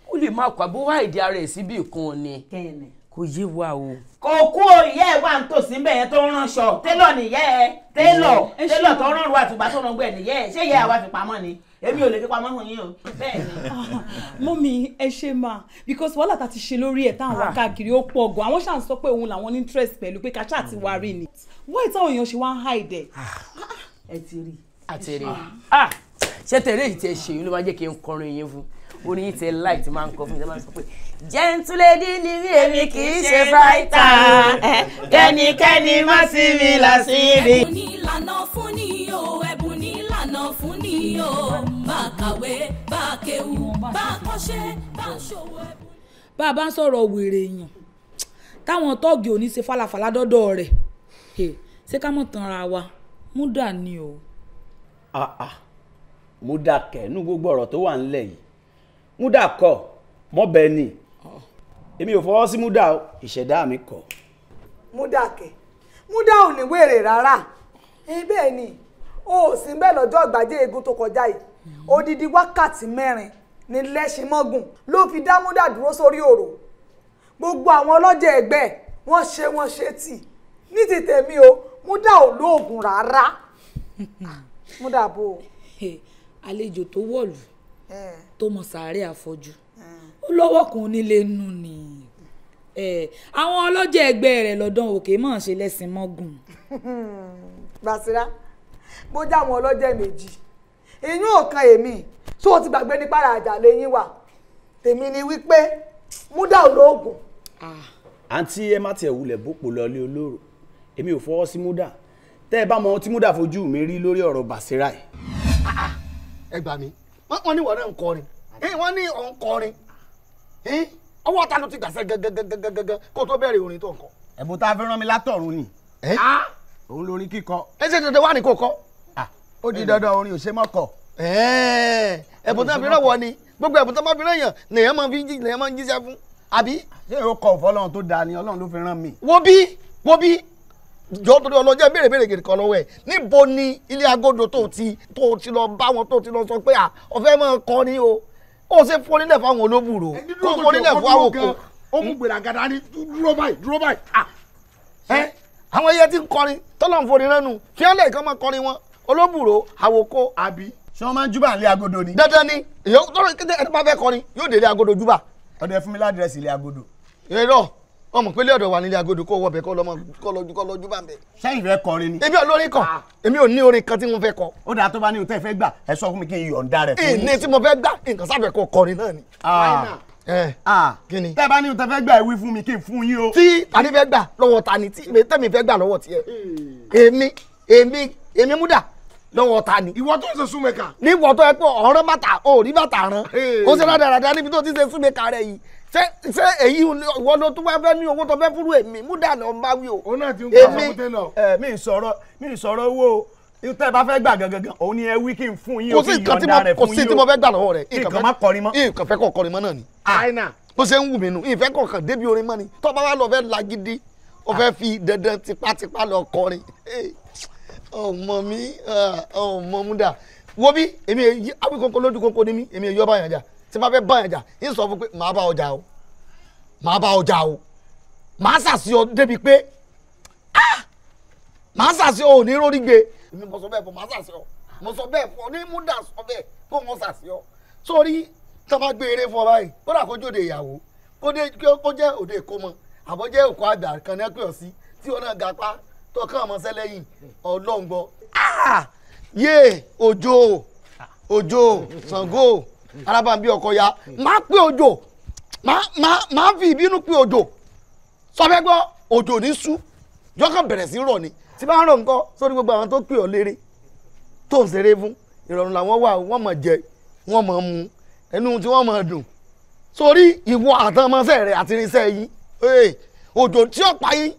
kó lè má kó àbó wá ìdí ara ẹ̀ síbì kan ni. kẹ́hìn kò yé wa o. kò kú ìyá ẹ wà nítòsí ń bẹ̀ yẹn tó ń ránṣọ télọ̀ nìyẹ́ ẹ télọ̀ télọ̀ tó ń rán ìwà àtùgbà tó ń gbẹ nìyẹ́ ẹ ṣé ìyá ẹ wà fi pamọ́ ni èmi ò lè fi pamọ́ fún yín o bẹ́ẹ̀ ni. mọ́mí ẹ ṣe máa because wàhálà tá ti ṣe lórí ẹ̀ táwọn wá ah. káàkiri ó pọ̀ gan àwọn ṣáà ń sọ pé òun làwọn ní interest pẹ̀lú pé kàṣà àti wàrí ni wọ́n ìtàwọn èèyàn ṣe wá ń hide ẹ̀. Ah. ẹ ti rí àtẹ̀rẹ̀ ṣé ah. tẹ̀rẹ̀ yìí tẹ̀ ṣe ló máa jẹ́ kí n kọrin yín fún orin yìí tẹ láì máa ń kọ fún mi tẹ sọ pé gentle lady ni mí èmi kì í ṣe fáìtà eh, kẹ́nikẹ́ni má sí mi láṣìírí. ẹ̀bùn ní ìlànà fún ni o ẹ̀bùn ní ìlànà fún ni o bá kàwé bá kéwú bá kọ́ṣẹ́ bá ṣòwò ẹ̀bùn. bá a bá ń sọ̀rọ̀ wèrè èèyàn táwọn tọ́ọ̀gì ò ṣe falafala dọ́dọ̀ rẹ̀ ṣé ká mọ̀ tán ra wa múdà ni o. àà ah, ah. múdà kẹ́nu gbogbo ọ̀rọ̀ tó wà ńlẹ̀ yìí múdà kọ mọ́bẹ̀ ni èmi ò fọwọ́ sí múdà ìṣẹ̀dá mi kọ. múdà kẹ múdà ò ní wèrè rárá bẹ́ẹ̀ ni o ò sí bẹ́ẹ̀ lọ́jọ́ ìgbàjẹ eegun tó kọjá yìí odidi wákàtí mẹ́rin ní lẹ́sìmọ́gùn ló fi dá múdà dúró sórí òrò gbogbo àwọn ọlọ́jà ẹgbẹ́ wọ́n ṣe wọ́n ṣe tì ní ti tèmi o múdà ò lóògùn rárá ah, múdà bò ó. àlejò tó wọ̀lú tó mọ sàárè àfọ́jú ó lọ́wọ́ kan nílé nù ni àwọn ọlọ́jà ẹgbẹ́ rẹ̀ lọ́dún òkè mọ̀ ṣe lẹ́sìn mọ́gùn. Basira bó jẹ́ àwọn ọlọ́jà méjì inú ọ̀kan èmi tó o ti gbàgbé ní para àjà lẹ́yìn wa tèmi ni wípé múdà olóògùn. àǹtí ẹ má tiẹ̀ wulẹ̀ bó pò lọlé olóró èmi ò fọwọ́ sí múdà tẹ́ ẹ bá mọ ohun tí múdà fojú mi rí lórí ọ̀rọ̀ Basira yìí. Ah, ah. ẹ gbà mí wọ́n ní wọ́n ń kọrin wọ́n ní ọ̀n kọrin ọwọ́ ta ló ti gbàsẹ́ gẹ́gẹ́gẹ́gẹ́gẹ́ kó tó bẹ̀rẹ̀ orin tó ń kọ. ẹ̀bùn tá a fi rán mi látọ̀run ni òun lórin kíkọ. ẹ ṣe dandan wà ní kò kọ. ó di dandan orin ò ṣe mọ́ kọ. ẹ̀bùn tá a fi rán wọ ni gbogbo ẹ̀bùn tá a bá fi rán yàn lèèyàn máa ń jíṣẹ́ fún àbí. ṣé o kọ ọ̀fọ́ tó dáa ni ọlọ́run ló fi rán mi. wo bí wo bí jọ torí ọlọjẹ béèrè béèrè gèrè kan lọ́wọ́ ẹ níbo ni ilé agodo tó ti tó ti lọ bá wọn tó ti lọ sọ pé à ọfẹ máa kọ ni o ó ṣe fún onílẹ̀ fáwọn olóbùrò kó fún onílẹ̀ fún àwọn òkú. ó mú gbèràgàdà ní dúró báyìí dúró báyìí. ẹ àwọn ẹyẹ ti ń kọrin tọ́lọ̀ ń forí rẹ́nu fíọ́lẹ̀ kan máa kọrin wọn olóbùrò àwòkọ́ àbí. ṣé wọ́n máa ń júbà nílé agodo ni. dandan ni èyí tọ́lọ̀ kété ẹni bá fẹ́ kọrin yóò dé ilé agodo júbà. ọ̀dọ̀ fún mi ládìrẹ́sì ilé agodo. èrò ọmọ pélé ọ̀dọ̀ wà nílé agodo kó wọbẹ kó lọmọ kó lọjú kó lọjú bá ń bẹ. sẹ́yìn fẹ́ kọrin ni. èmi olórin kan ah. èmi ò ní orin kan tí mo fẹ́ kọ. ó dáa tó bá ní o tẹ́ fẹ́ gbà ẹ sọ fún mi kí n yọ̀ǹda rẹ̀ fún mi. ìní tí mo fẹ́ gbà nǹkan sábẹ̀ kó kọrin náà ni. Ah. Ah. kíni. tẹ́ bá ní o tẹ́ fẹ́ gbà ẹ wí fún mi kí n fún yín o. tí tani fẹ́ gbà lọ́wọ́ tani tí tẹ́mi fẹ́ gbà lọ́wọ́ tiẹ̀ hmm. èmi èmi èmi múdà lọ́wọ́ ta ni. ìwọ tó ń ṣe súnmẹ́ka. ní ìwọ tó ẹ pé ọ̀rán bàtà ò rí bàtà rán. ó ṣe rádaràda níbi tó ti ṣe súnmẹ́ka rẹ yìí ṣé ṣé èyí wọn ló tún wá fẹ́ ní owó tó fẹ́ fúru èmi múdà lọ ń bá wí o. òun náà ti ń kọ́ àwọn tẹ́ lọ. èmi mi sọ̀rọ̀ mi sọ̀rọ̀ owó tẹ́ ẹ bá fẹ́ gbà gangan òun ni ẹ wí kí n fún yín o kí yọ̀ǹda rẹ̀ fún yín o kò sí tí mo fẹ́ gbà lọ́wọ́ rẹ̀ nǹkan má kọrin mọ́ nǹkan fẹ́ kọ̀ kọrin mọ́ náà ni. àìnà ah. bó ṣe ń wù mí nù ìfẹ́ kọ̀ọ̀kan débi orin mọ́ ni tó bá wà lọ fẹ́ lagidi ó fẹ́ fi dandan tipátipá lọ kọrin eh, ọmọ mi ah, ọmọ múdà wo bí èmi awíkoko lójú koko ni mí èmi èyí ọba yànjá tí bá fẹ́ bá ẹja yín sọ fún pé màá bá ọjà o màá bá ọjà o màá sàṣì ọ débi pé ah! màá sàṣì ọ ò ní rórí gbé èmi mo sọ bẹ́ẹ̀ fún màá sàṣì ọ mo sọ bẹ́ẹ̀ fún ọ ní múdà sọ bẹ́ẹ̀ kó mo sàṣì ọ sórí tá a bá gbé eré fún ọ báyìí ó dà kó jòdè ìyàwó kó jẹ́ òde ìkómọ àbọ̀jẹ́ òkú àgbà kan ní ẹ̀kọ́ sí tí wọn náà ga pa tọkàn ọmọ sẹ́lẹ̀yìn ọlọ́ngbọ. Ah! yé òjò òjò Ṣàngó arábàbí ọkọ ya má pé òjò má fi ìbínú pé òjò sọfẹ́gbọ́ òjò ní sú jọ́kàn bẹ̀rẹ̀ sí rọ̀ ni tí bá ń rọ̀ nǹkan sórí gbogbo àwọn tó pè ọ́ léré tó ń ṣeré fún ìrọ̀rùn làwọn wà wọ́n mọ̀ jẹ wọ́n mọ̀ mu ẹnu tí wọ́n mọ̀ dùn sórí ìwọ àtọmọṣẹ́ rẹ àti irinṣẹ́ yín òjò tí ó pa yín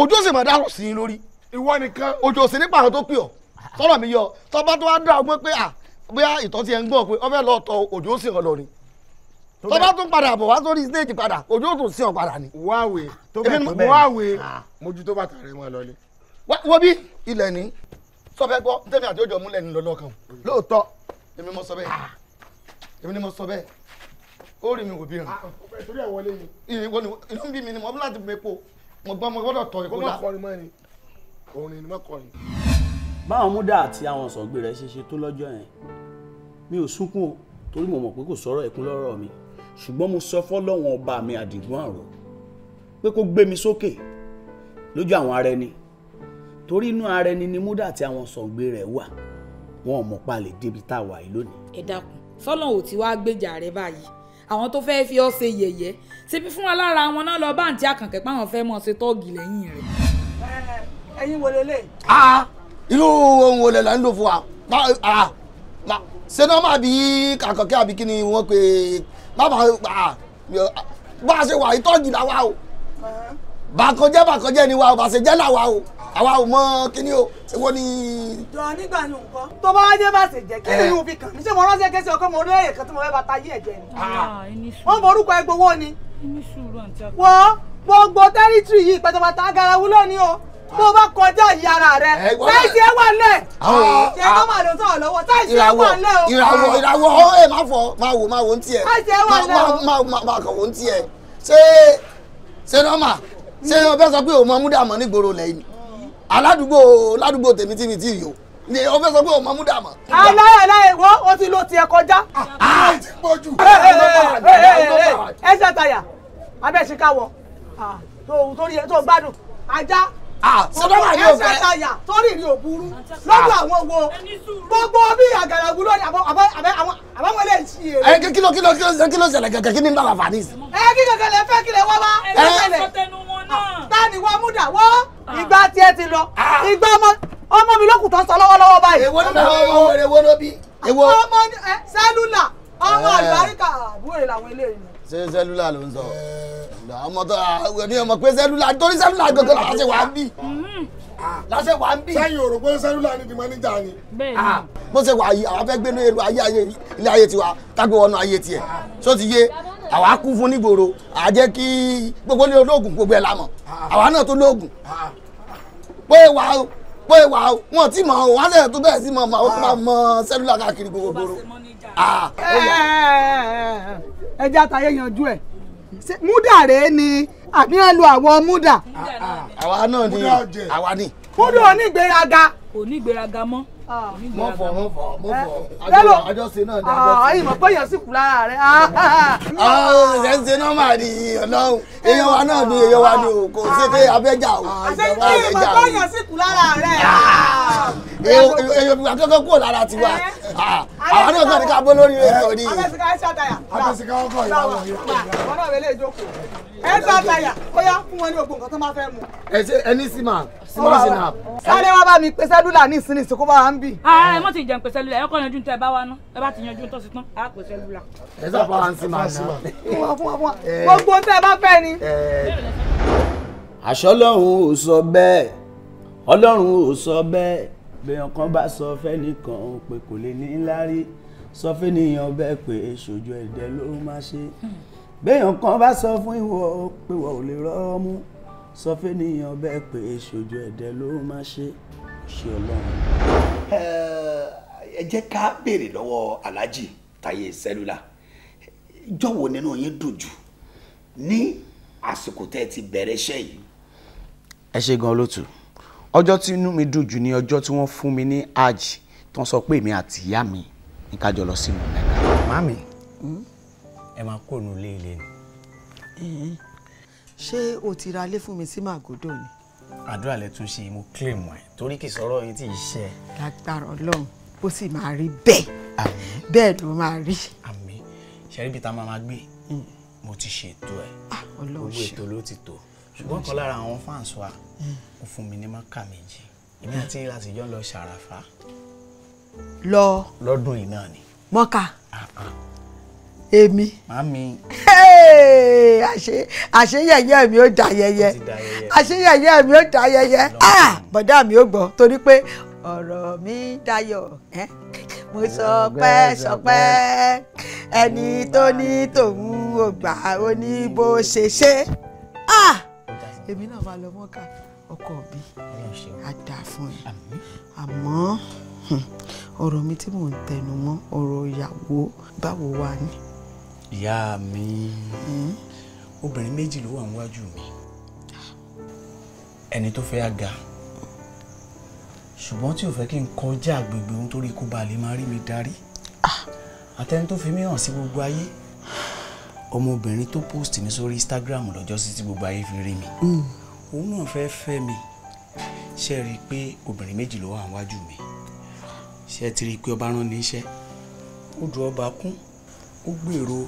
òjò sì mọ̀ dárò sí i lórí ìwọ nìkan òjò sì nípa àwọn tó pè ọ́ tọ́rọ̀ mi yọ tọ́ba tó wá dá ọgbọ́n pé à bóyá ìtọ́ ti ẹ̀ ń gbọ́ pé ọbẹ̀ lọ tọ òjò sí ọ lọ ni tó bá tún padà bọ̀ wá sórí stage padà òjò tún sí ọ padà ni. wáwe tó bẹ̀ tó bẹ̀ wáwe mojú tó bàtà rẹ̀ wọn lọlé. wo bí ilẹ̀ ní sọfẹ́ gbọ́ tẹ́mi àti òjò múlẹ̀ ní lọ́lọ́kan lóòótọ́ èmi mo sọ bẹ́ẹ̀ èmi ni mo sọ bẹ́ẹ̀ ó rí mi wò bí rìn. torí ẹ̀ wọlé ni. inú bí mi ni mo bí láti mepo mo gbọ́ mo gbọ́dọ̀ tọ̀ ìkó dà. báwọn múdà àti àwọn sọ̀gbìn rẹ̀ ṣe ṣe tó lọ́jọ́ yẹn mi ò sunkún o torí mo mọ̀ pé kò sọ̀rọ̀ ẹ̀kún lọ́rọ̀ mi ṣùgbọ́n mo sọ fọ́lọ́wọ́n ọba mi àdìgún àrò pé kó gbé mi sókè lójú àwọn ara ẹni torí inú ara ẹni ni múdà àti àwọn sọ̀gbé rẹ̀ wà wọn ò mọ̀ pa lè débi tá a wà yìí lónìí. ẹ dákun fọlọ́n ò ti wá gbèjà rẹ báyìí àwọn tó fẹ́ẹ́ fi ọ́ ṣe yẹ̀yẹ́ ṣebí fún wa lára àwọn náà lọ báǹtí àkànkẹ́ páwọn fẹ́ mọ̀ ṣe tọ́ọ̀gì lẹ́yìn rẹ̀. ẹyin wo lele. Ah, irú ohun wo lè là ń lò fún wa ah, ah, ṣé nọ́mà bí kàkọ́kẹ́ àbí kí ni wọ́n pe bàbá bá a ṣe wà ìtọ́jú làwa o bàkànjẹ́ bàkànjẹ́ ni wa o bàṣẹjẹ́ làwa o àwa o mọ kíní o èwo ni. jọ nígbà yóò kọ tó bá wájẹ bá ṣe jẹ kí ni yóò eh. fi kàn mí ṣé mo ránṣẹ́ kẹsì ọkọ mo rí ẹyẹ kan tí mo fẹ́ bá ta yí ẹ̀jẹ̀ ni. Ah. Ah, wọ́n mọ orúkọ ẹgbowó ni. wọ́n gbogbo tẹ́rítírì yìí pẹ̀tẹ̀pẹ̀tẹ̀ agarawu lónìí o mo bá kọjá ìyára rẹ táìsì ẹ wà lẹ ṣe ẹ má lọ sọ̀rọ̀ lọ́wọ́ táìsì ẹ wà lẹ o. ìràwọ̀ ìràwọ̀ ọ ẹ má fọ máa wò máa wò ń tiẹ̀ táìsì ẹ wà lẹ o máa kàn wò ń tiẹ̀ ṣé ṣé nọ́mà ṣé mm. ọbẹ̀ sọ pé òun ọmúdà mọ́ nígboro lẹ́yìn aládùúgbò aládùúgbò tèmi tí mi ti yò ni o fẹ́ sọ pé o mọ múdà mọ. aláyọ̀ aláyọ̀ wọ́n o ti lo tiẹ̀ kọjá. a ah, ah, ti pọ̀ jù. ẹ ṣe àtàyà abẹ́ ṣe káwọ̀ ah, tó gbádùn ajá sọdọ́mà ni òfẹ́. ẹsẹ̀ tayà torí ìrìn òbúrú lọ́dọ̀ ah. àwọn wo gbogbo bí àgàràgùn lórí àbáwọn ilé ìṣí èrè. ẹ eh, kí ló kí ló kí ló ṣẹlẹ̀ kẹ̀kẹ́ kí ni bàbá fani. ẹ eh, kí kẹ̀kẹ́ lẹ fẹ́ kí lẹ wá wá. Eh, ẹ ẹ ah, tani wọ́n mú dà wọ́ ah. ìgbà tiẹ̀ ti lọ ìgbà ọmọ ọmọ mi lókùn tán sọ lọ́wọ́lọ́wọ́ báyìí. èwo ló bí èwo ló bí. ọmọ sẹ́lúlà ọmọ àlùbáríkà àbúrò làwọn eléyìí ṣé sẹ́lúlà ló ń sọ ọmọ tó ẹ̀mí ọmọ pé sẹ́lúlà torí sẹ́lúlà gangan la ṣe wà ń bì láṣẹ wà ń bì. sẹ́yìn òrò pé sẹ́lúlà ni di mọ́níjà ni. Ah, bó ṣe wà yìí àwọn fẹ́ gbé ní èrò ayé ilé ayé tiwa tágbé wọnú ayé tiẹ̀ só ti yé àwa kú fún nígboro àá jẹ́ kí gbogbo ní olóògùn gbogbo ẹ̀ lámọ̀ àwa náà tó lóògùn pé wà ó pé wà ó wọn ti mọ̀ wọn á lẹ̀ tó bẹ̀rẹ̀ sí mọ̀ mọ̀ sẹ́lúlà káàkiri gbogbo gbòòrò. Ah. ẹja tayé yanjú ẹ múdà rèé ni àbí ẹ lu àwọn múdà. Ah, ah. àwa náà ni àwa ni. múdà onígbéraga. onígbéraga mọ́ mọ fọ mọ fọ mọ fọ eh, àjọṣe náà ni àjọṣe. Ah, ayi mọ pé èèyàn sì kú lára rẹ. Ah, ah, ṣe ń ṣe nọ́mà ni ọlọ́run èèyàn wa náà ni èèyàn wa ni o kò ṣe pé abẹ́jà o. àṣeyìn ayi mọ pé èèyàn sì kú lára rẹ. èèyàn akẹ́kọ̀ọ́ kúrò lára tiwa eh. àwọn náà kàn ní ká bọ́ lórí rẹ̀ sọ ni. abẹ́sìká ṣàtàyà. abẹ́sìká ọkọ̀ ìyàwó yìí. wọn náà wọlé ìjókòó ẹ bá àtàyà ó yá fún wọn ní gbogbo nǹkan tó máa fẹ́ mu. ẹ ṣe ẹni sì máa sì máa sì sáré wá bá mi pe sẹ́lúlà ní ìsinmi ìsìnkú bá wa ń bì. Ah, ẹ mọ̀ ti jẹun pe sẹ́lúlà ẹ kọ́ yanjú tẹ ẹ bá wa ná ẹ bá ti yanjú tó sí tán á pe sẹ́lúlà. ẹ sọ fún wa ń sin máa ná. Eh. gbogbo tẹ ẹ bá fẹ́ ni. Eh. àṣọ ọlọ́run ò sọ bẹ́ẹ̀ ọlọ́run ò sọ bẹ́ẹ̀ bẹ́ẹ̀ kan bá sọ fẹ́nìkan pé kò lè ní láárí sọ fẹ́nìyàn bẹ́ẹ̀ pé ṣojú ẹ̀dẹ́ ló má ṣe. Hmm béèyàn kan bá sọ fún ìwọ pé wọ́n ò lè rọ́ mú sọ fẹ́nìyàn bẹ́ẹ̀ pé ṣojú ẹ̀dẹ̀ ló máa ṣe ṣe ọlọ́run. ẹ jẹ́ ká béèrè lọ́wọ́ aláàjì Táyé Sẹ́lúlà jọ̀wọ́ nínú yín dùn jù ní àsìkò tẹ́ ẹ ti bẹ̀rẹ̀ iṣẹ́ yìí. ẹ ṣe gan olótù ọjọ́ tí inú mi dùn jù ni ọjọ́ tí wọ́n fún mi ní hajj tó ń sọ pé èmi àti ìyá mi ní ká jọ lọ sí mọ̀mẹ́ka. màmí. Hmm? ẹ máa kúrò ní ilé ilé ni. ṣé o ti ra ilé fún mi sí màgòdò ni. àdúrà lẹ tún ṣe mo claim ẹ torí kì í sọ̀rọ̀ yín tí ì ṣe. lágbára Ọlọ́run bó sì máa rí bẹ́ẹ̀ bẹ́ẹ̀ ló máa rí. àmín ṣẹ́rí bíi ta máa máa gbé hmm. mo ti ṣètò ẹ̀ gbogbo ah, ètò ló ti tò ṣùgbọ́n kan lára àwọn fans wa kò hmm. fún mi ní mọ́kà méjì èmi àti yín láti jọ lọ ṣàràfà. lọ lọ́dún yìí náà ni. mọ́kà ah, ah èmi. màmí. àṣé àṣé yẹ̀yẹ́ mi ó da yẹyẹ àṣé yẹ̀yẹ́ mi ó da yẹyẹ ah! bọ̀dá mi ó gbọ́ torí pé ọ̀rọ̀ mi dayọ̀ mo sọpẹ́ sọpẹ́ ẹni tó ní tòun ò gbà ó ní bó ṣe ṣe ah! èmi náà máa lọ mọ́ka ọkọ mi á dáa fún ẹ àmọ́ ọ̀rọ̀ mi tí mò ń tẹnu mọ́ ọ̀rọ̀ ìyàwó báwo wà ni ìyá mi obìnrin méjì ló wà níwájú mi ẹni tó fẹ́ àga ṣùgbọ́n tí ò fẹ́ kí n kọjá agbègbè ohun tó rí kó ba lè máa rí mi darí àtẹni tó fi mí hàn sí gbogbo ayé ọmọbìnrin tó post mi sórí Instagram lọ́jọ́ sí tí gbogbo ayé fi rí mi òun náà fẹ́ fẹ́ mi ṣe rí i pé obìnrin méjì ló wà níwájú mi ṣe ti rí i pé ọba rán ní iṣẹ́ ó dùn ọba kún ó gbèrò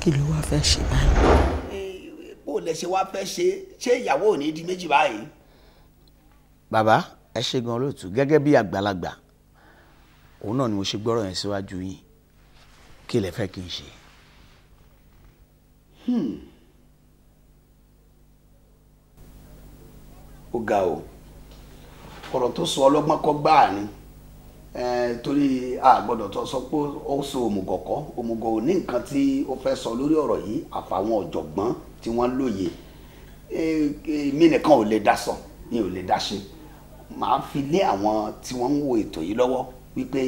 kí ló wá fẹ́ ṣe báyìí. bó lẹ ṣe wá fẹ́ ṣe ṣé ìyàwó ò ní di méjì báyìí. bàbá ẹ ṣe gan olóòtú gẹ́gẹ́ bí àgbàlagbà òun náà ni mo ṣe gbọ́rọ̀ yẹn síwájú yín kí lẹ fẹ́ kí n ṣe. Hmm. ó ga o ọ̀rọ̀ tó sọ ọlọ́gbọ́n kọ́ gbáà ni. Hmm torí àgbọ̀dọ̀ tó sọ pé ó so òmùgọ̀kọ́ òmùgọ̀ ò ní nǹkan tí ó fẹ́ sọ lórí ọ̀rọ̀ yìí àfàwọn ọ̀jọ̀gbọ́n tí wọ́n lóye mí nìkan ò lè dá sọ mi ò lè dá ṣe màá fi lé àwọn tí wọ́n ń wo ètò yìí lọ́wọ́ wípé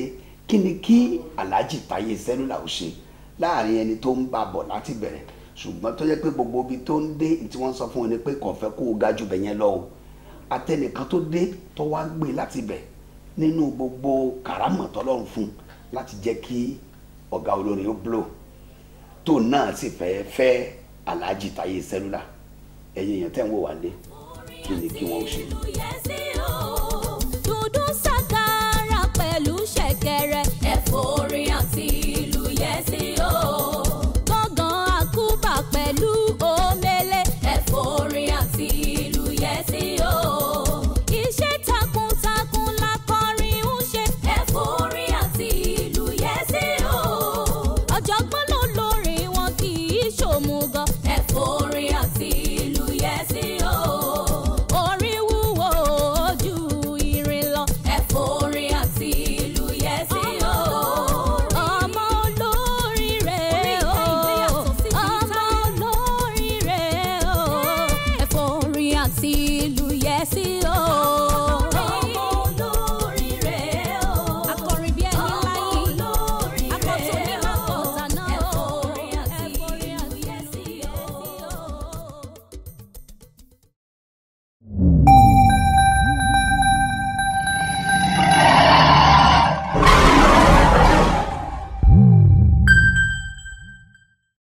kí ni kí Alhaji Táyé Sẹ́lúlà ò ṣe láàrin ẹni tó ń bá bọ̀ láti bẹ̀rẹ̀ ṣùgbọ́n tó yẹ pé gbogbo ibi tó ń dé tí wọ́n sọ fún wọn pé kò fẹ́ kó o ga jù bẹ̀yẹn lọ o àtẹnìkan tó dé tó wá gbé láti bẹ̀rẹ̀ nínú gbogbo karama tọ́lọ́run fún láti jẹ́ kí ọ̀gá olórin ó blow tó náà sì fẹ́ fẹ́ aláàjì táyé sẹ́lúlà ẹ̀yin èèyàn tẹ̀ ń wò wá kí ni kí wọ́n ṣe.